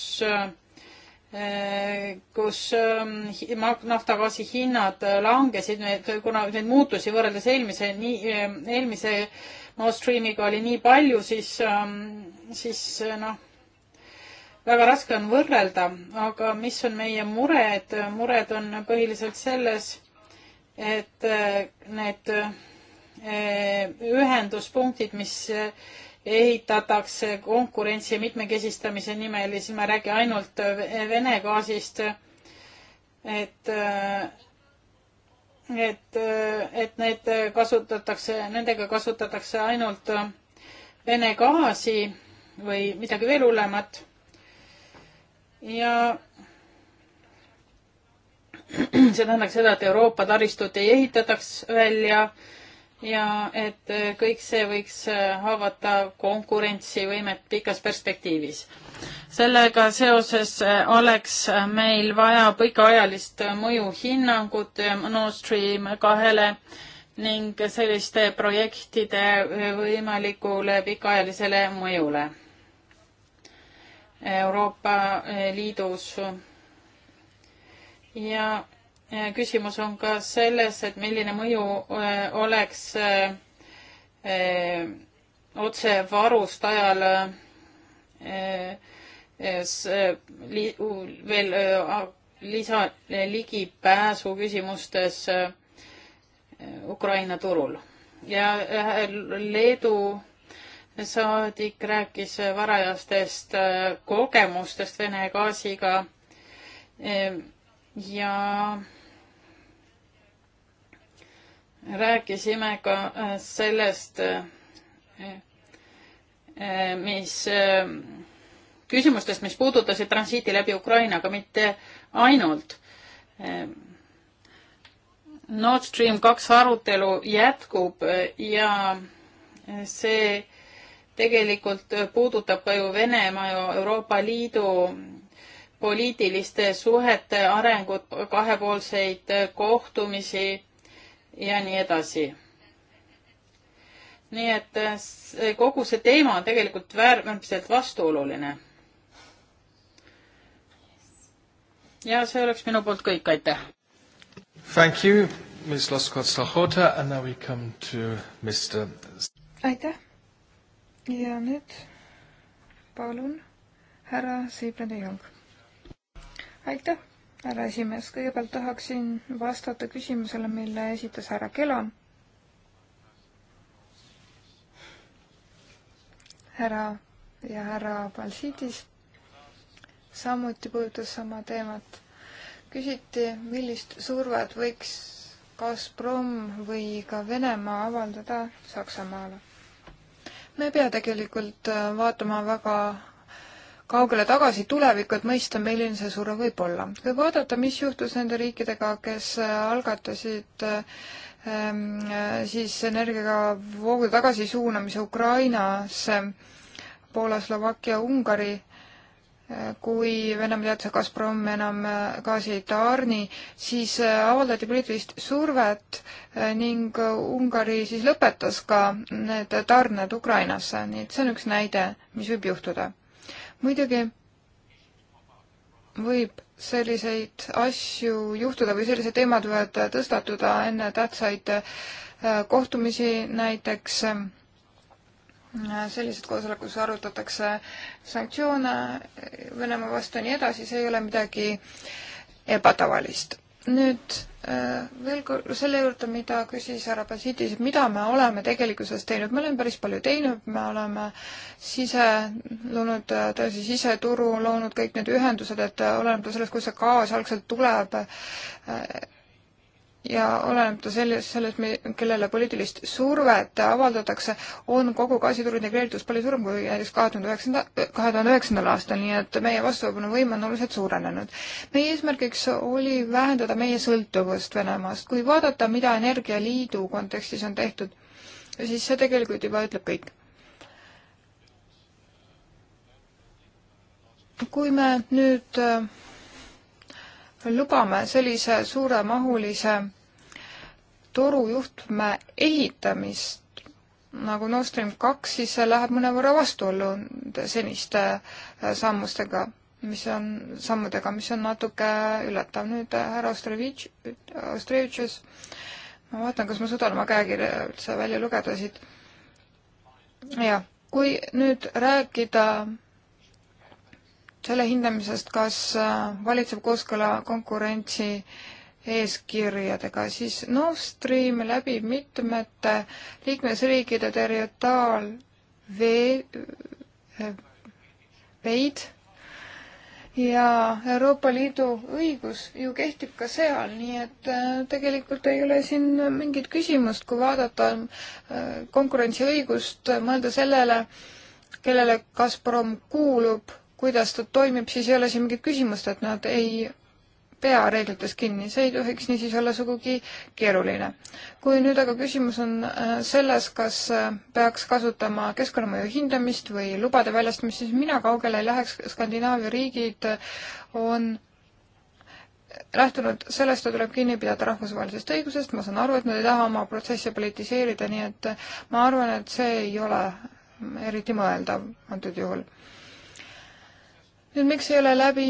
äh, kus ähm, naftagaasi hinnad langesid, kuna neid muutusi võrreldes eelmise, nii, eelmise Nord Streamiga oli nii palju, siis, ähm, siis noh, väga raske on võrrelda, aga mis on meie mured, mured on põhiliselt selles, et need Eh, ühenduspunktid, mis eh, ehitatakse konkurentsi mitmekesistamise nimel ja siis ma ei räägi ainult eh, Vene gaasist, et et, et need kasutatakse, nendega kasutatakse ainult Vene gaasi või midagi veel hullemat. ja see tähendaks seda, et Euroopa taristut ei ehitataks välja ja et äh, kõik see võiks äh, haavata konkurentsivõimet pikas perspektiivis. sellega seoses äh, oleks meil vaja pikaajalist mõjuhinnangut Nord Stream kahele ning selliste projektide võimalikule pikaajalisele mõjule Euroopa Liidus ja Äh, küsimus on ka selles, et milline mõju äh, oleks äh, otse varust ajal veel lisa, ligipääsu küsimustes Ukraina turul ja Leedu saadik rääkis varajastest kogemustest Vene gaasiga ja rääkisime ka äh, sellest, äh, äh, mis, küsimustest, mis puudutasid transiiti läbi Ukraina, aga mitte ainult. Nord Stream kaks arutelu jätkub ja see tegelikult puudutab ka ju Venemaa ja Euroopa Liidu poliitiliste suhete arengut, kahepoolseid kohtumisi ja nii edasi. nii et äh, see, kogu see teema on tegelikult väärmiselt vastuoluline. ja see oleks minu poolt kõik, aitäh. Thank you, Ms Laskotsa-Hota and now we come to Mr. aitäh. ja nüüd palun härra Siibren-Jong. aitäh härra esimees, kõigepealt tahaksin vastata küsimusele, mille esitas härra Kelo. härra ja härra Balsiidis samuti puudutas sama teemat. küsiti, millist survet võiks Gazprom või ka Venemaa avaldada Saksamaale. me ei pea tegelikult vaatama väga kaugele tagasi tulevikku, et mõista, milline see surve võib olla. kui vaadata, mis juhtus nende riikidega, kes äh, algatasid ähm, äh, siis energiaga voogude tagasisuunamise Ukrainasse, Poola, Slovakkia, Ungari, äh, kui Venemaa teatas, et Gazprom enam gaasi ei tarni, siis avaldati poliitilist survet ning Ungari siis lõpetas ka need tarned Ukrainasse, nii et see on üks näide, mis võib juhtuda muidugi võib selliseid asju juhtuda või sellised teemad võivad tõstatuda enne tähtsaid äh, kohtumisi, näiteks sellised koosolekud, kus arutatakse sanktsioone Venemaa vastu ja nii edasi, see ei ole midagi ebatavalist nüüd äh, veel kord selle juurde, mida küsis härra Basidis, et mida me oleme tegelikkuses teinud, me oleme päris palju teinud, me oleme sise, loonud äh, tõesti siseturu, loonud kõik need ühendused, et äh, olenemata sellest, kust see gaas algselt tuleb, ja oleneb ta sellest, sellest, kellele poliitilist survet avaldatakse, on kogu gaasituru integreeritus palju suurem kui näiteks kahe tuhande üheksanda, kahe tuhande üheksandal aastal, nii et meie vastupanuvõime on oluliselt suurenenud. meie eesmärgiks oli vähendada meie sõltuvust Venemaast. kui vaadata, mida Energialiidu kontekstis on tehtud, siis see tegelikult juba ütleb kõik. kui me nüüd lubame sellise suuremahulise torujuhtme ehitamist nagu Nord Stream kaks, siis see läheb mõnevõrra vastuollu seniste äh, sammustega, mis on, sammudega, mis on natuke üllatav. nüüd äh, härra Ostrevitš, Ostrevitšus, ma vaatan, kas ma suudan oma käekirja üldse välja lugeda siit. jah, kui nüüd rääkida selle hindamisest, kas äh, valitseb kooskõla konkurentsi eeskirjadega, siis Nord Stream läbib mitmete liikmesriikide territoriaalvee, äh, veid ja Euroopa Liidu õigus ju kehtib ka seal, nii et äh, tegelikult ei ole siin mingit küsimust, kui vaadata konkurentsiõigust, mõelda sellele, kellele Gazprom kuulub kuidas ta toimib, siis ei ole siin mingit küsimust, et nad ei pea reeglitest kinni, see ei tohiks niisiis olla sugugi keeruline. kui nüüd aga küsimus on äh, selles, kas äh, peaks kasutama keskkonnamõju hindamist või lubade väljastamist, siis mina kaugele ei läheks, Skandinaavia riigid äh, on lähtunud sellest, et tuleb kinni pidada rahvusvahelisest õigusest, ma saan aru, et nad ei taha oma protsesse politiseerida, nii et ma arvan, et see ei ole eriti mõeldav antud juhul nüüd miks ei ole läbi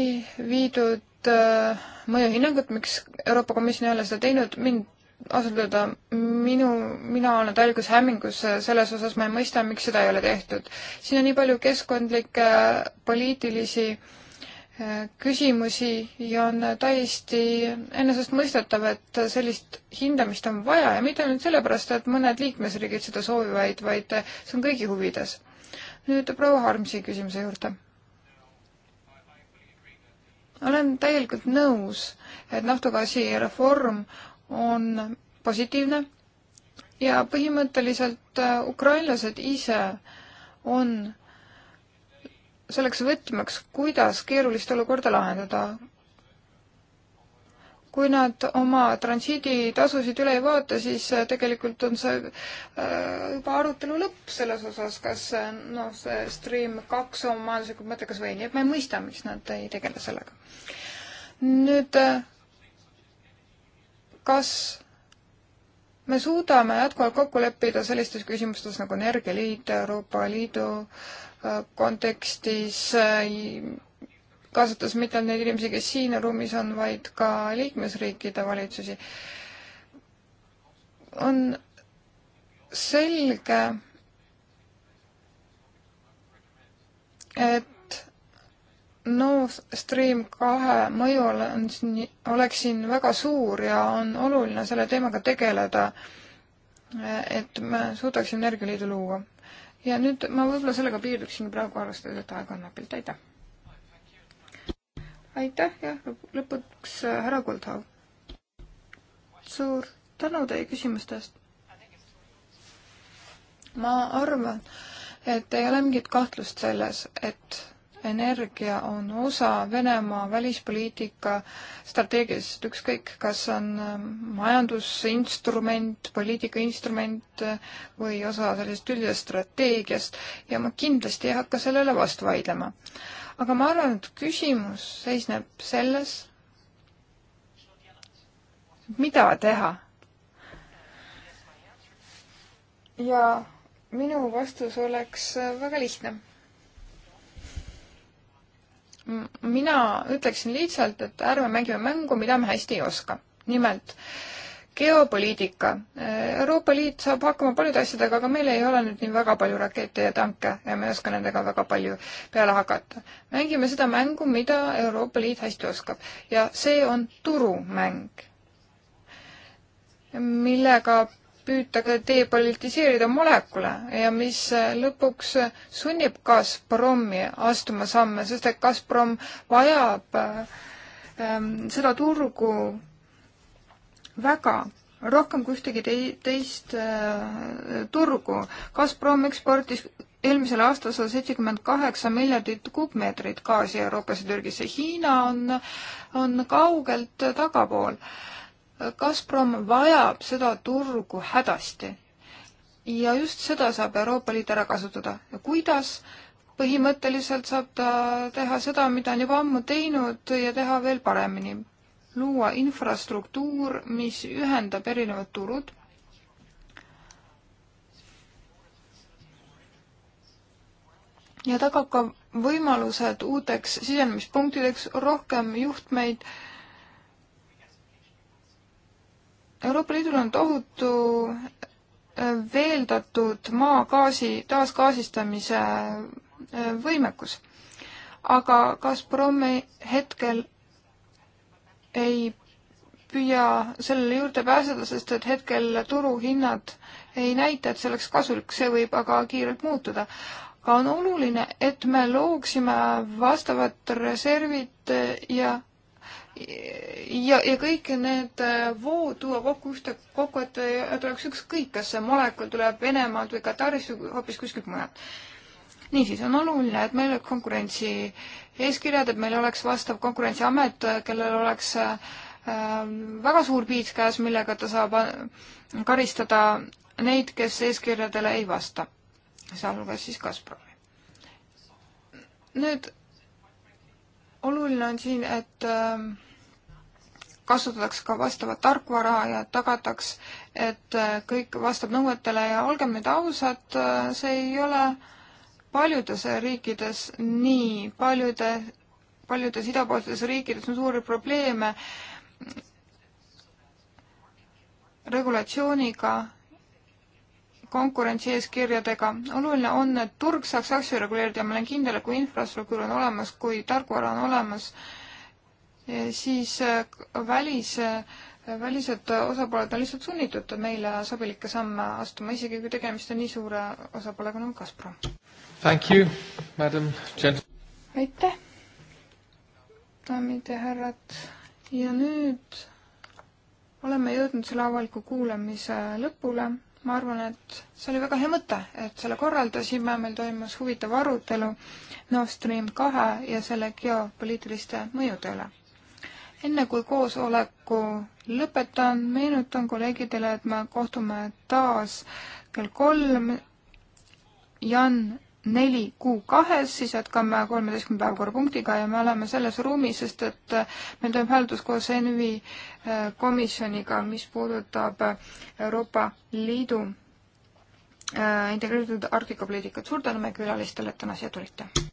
viidud äh, mõjuhinnangut, miks Euroopa Komisjon ei ole seda teinud, mind ausalt öelda, minu, mina olen täielikus hämmingus äh, selles osas, ma ei mõista, miks seda ei ole tehtud. siin on nii palju keskkondlikke poliitilisi äh, küsimusi ja on täiesti enesestmõistetav, et sellist hindamist on vaja ja mitte ainult sellepärast, et mõned liikmesriigid seda soovivad, vaid äh, see on kõigi huvides. nüüd proua Harmsi küsimuse juurde olen täielikult nõus, et naftogaasi reform on positiivne ja põhimõtteliselt äh, ukrainlased ise on selleks võtmeks, kuidas keerulist olukorda lahendada kui nad oma transiiditasusid üle ei vaata, siis äh, tegelikult on see äh, juba arutelu lõpp selles osas, kas äh, noh, see Stream kaks on majanduslikult mõttekas või nii, et ma ei mõista, miks nad ei tegele sellega. nüüd, kas me suudame jätkuvalt kokku leppida sellistes küsimustes nagu Energialiit Euroopa Liidu kontekstis kaasates mitte ainult neid inimesi, kes siin ruumis on, vaid ka liikmesriikide valitsusi, on selge, et Nord Stream kahe mõju on siin, oleks siin väga suur ja on oluline selle teemaga tegeleda, et me suudaksime energialiidu luua. ja nüüd ma võib-olla sellega piirduksin praegu, arvestades, et aega on napilt, aitäh! aitäh, jah, lõpuks äh, härra Kuldhav. suur tänu teie küsimuste eest. ma arvan, et ei ole mingit kahtlust selles, et energia on osa Venemaa välispoliitika strateegiast, ükskõik, kas on ähm, majandusinstrument, poliitikainstrument äh, või osa sellisest üldisest strateegiast ja ma kindlasti ei hakka sellele vastu vaidlema aga ma arvan, et küsimus seisneb selles, mida teha. ja minu vastus oleks väga lihtne mina ütleksin lihtsalt, et ärme mängime mängu, mida me hästi ei oska. nimelt geopoliitika. Euroopa Liit saab hakkama paljude asjadega, aga meil ei ole nüüd nii väga palju rakette ja tanke ja me ei oska nendega väga palju peale hakata. mängime seda mängu, mida Euroopa Liit hästi oskab ja see on turumäng, millega püütakse depolitiseerida molekule ja mis lõpuks sunnib Gazpromi astuma samme, sest et Gazprom vajab ähm, seda turgu väga rohkem kui ühtegi tei-, teist äh, turgu. Gazprom eksportis eelmisel aastal sada seitsekümmend kaheksa miljardit kuupmeetrit gaasi Euroopasse Türgisse. Hiina on, on kaugelt tagapool. Gazprom vajab seda turgu hädasti. ja just seda saab Euroopa Liit ära kasutada. kuidas? põhimõtteliselt saab ta teha seda, mida on juba ammu teinud ja teha veel paremini luua infrastruktuur, mis ühendab erinevad turud. ja tagab ka võimalused uuteks sisenemispunktideks, rohkem juhtmeid. Euroopa Liidul on tohutu äh, veeldatud maagaasi taasgaasistamise äh, võimekus. aga Gazprom hetkel ei püüa sellele juurde pääseda, sest et hetkel turuhinnad ei näita, et see oleks kasulik, see võib aga kiirelt muutuda. aga on oluline, et me looksime vastavad reservid ja ja, ja kõik need vood tuua kokku ühte, kokku, et, et oleks ükskõik, kas see molekul tuleb Venemaalt või Katarist või hoopis kuskilt mujalt niisiis, on oluline, et meil konkurentsi eeskirjad, et meil oleks vastav konkurentsiamet, kellel oleks ähm, väga suur piits käes, millega ta saab äh, karistada neid, kes eeskirjadele ei vasta, sealhulgas siis Gazpromi. nüüd oluline on siin, et ähm, kasutatakse ka vastavat tarkvara ja tagataks, et äh, kõik vastab nõuetele ja olgem nüüd ausad, äh, see ei ole äh, paljudes riikides nii, paljude, paljudes idapoolsetes riikides on suuri probleeme regulatsiooniga, konkurentsieeskirjadega. oluline on, et turg saaks asju reguleerida ja ma olen kindel, et kui infrastruktuur on olemas, kui tarkvara on olemas, eh, siis eh, välis, eh, välised osapooled on lihtsalt sunnitud meile sobilikke samme astuma, isegi kui tegemist on nii suure osapoolega nagu Gazprom. Thank you, madam gent-. aitäh, daamid ja härrad. ja nüüd oleme jõudnud selle avaliku kuulamise lõpule. ma arvan, et see oli väga hea mõte, et selle korraldasime, meil toimus huvitav arutelu Nord Stream kahe ja selle geopoliitiliste mõjude üle. enne kui koosoleku lõpetan, meenutan kolleegidele, et me kohtume taas kell kolm Jan neli kuu kahes, siis jätkame kolmeteistkümnenda päevakorrapunktiga ja me oleme selles ruumis, sest et äh, meil toimub hääldus koos ENVI äh, komisjoniga, mis puudutab äh, Euroopa Liidu integreeritud Arktika poliitikat. suur tänu meie külalistele, et täna siia tulite!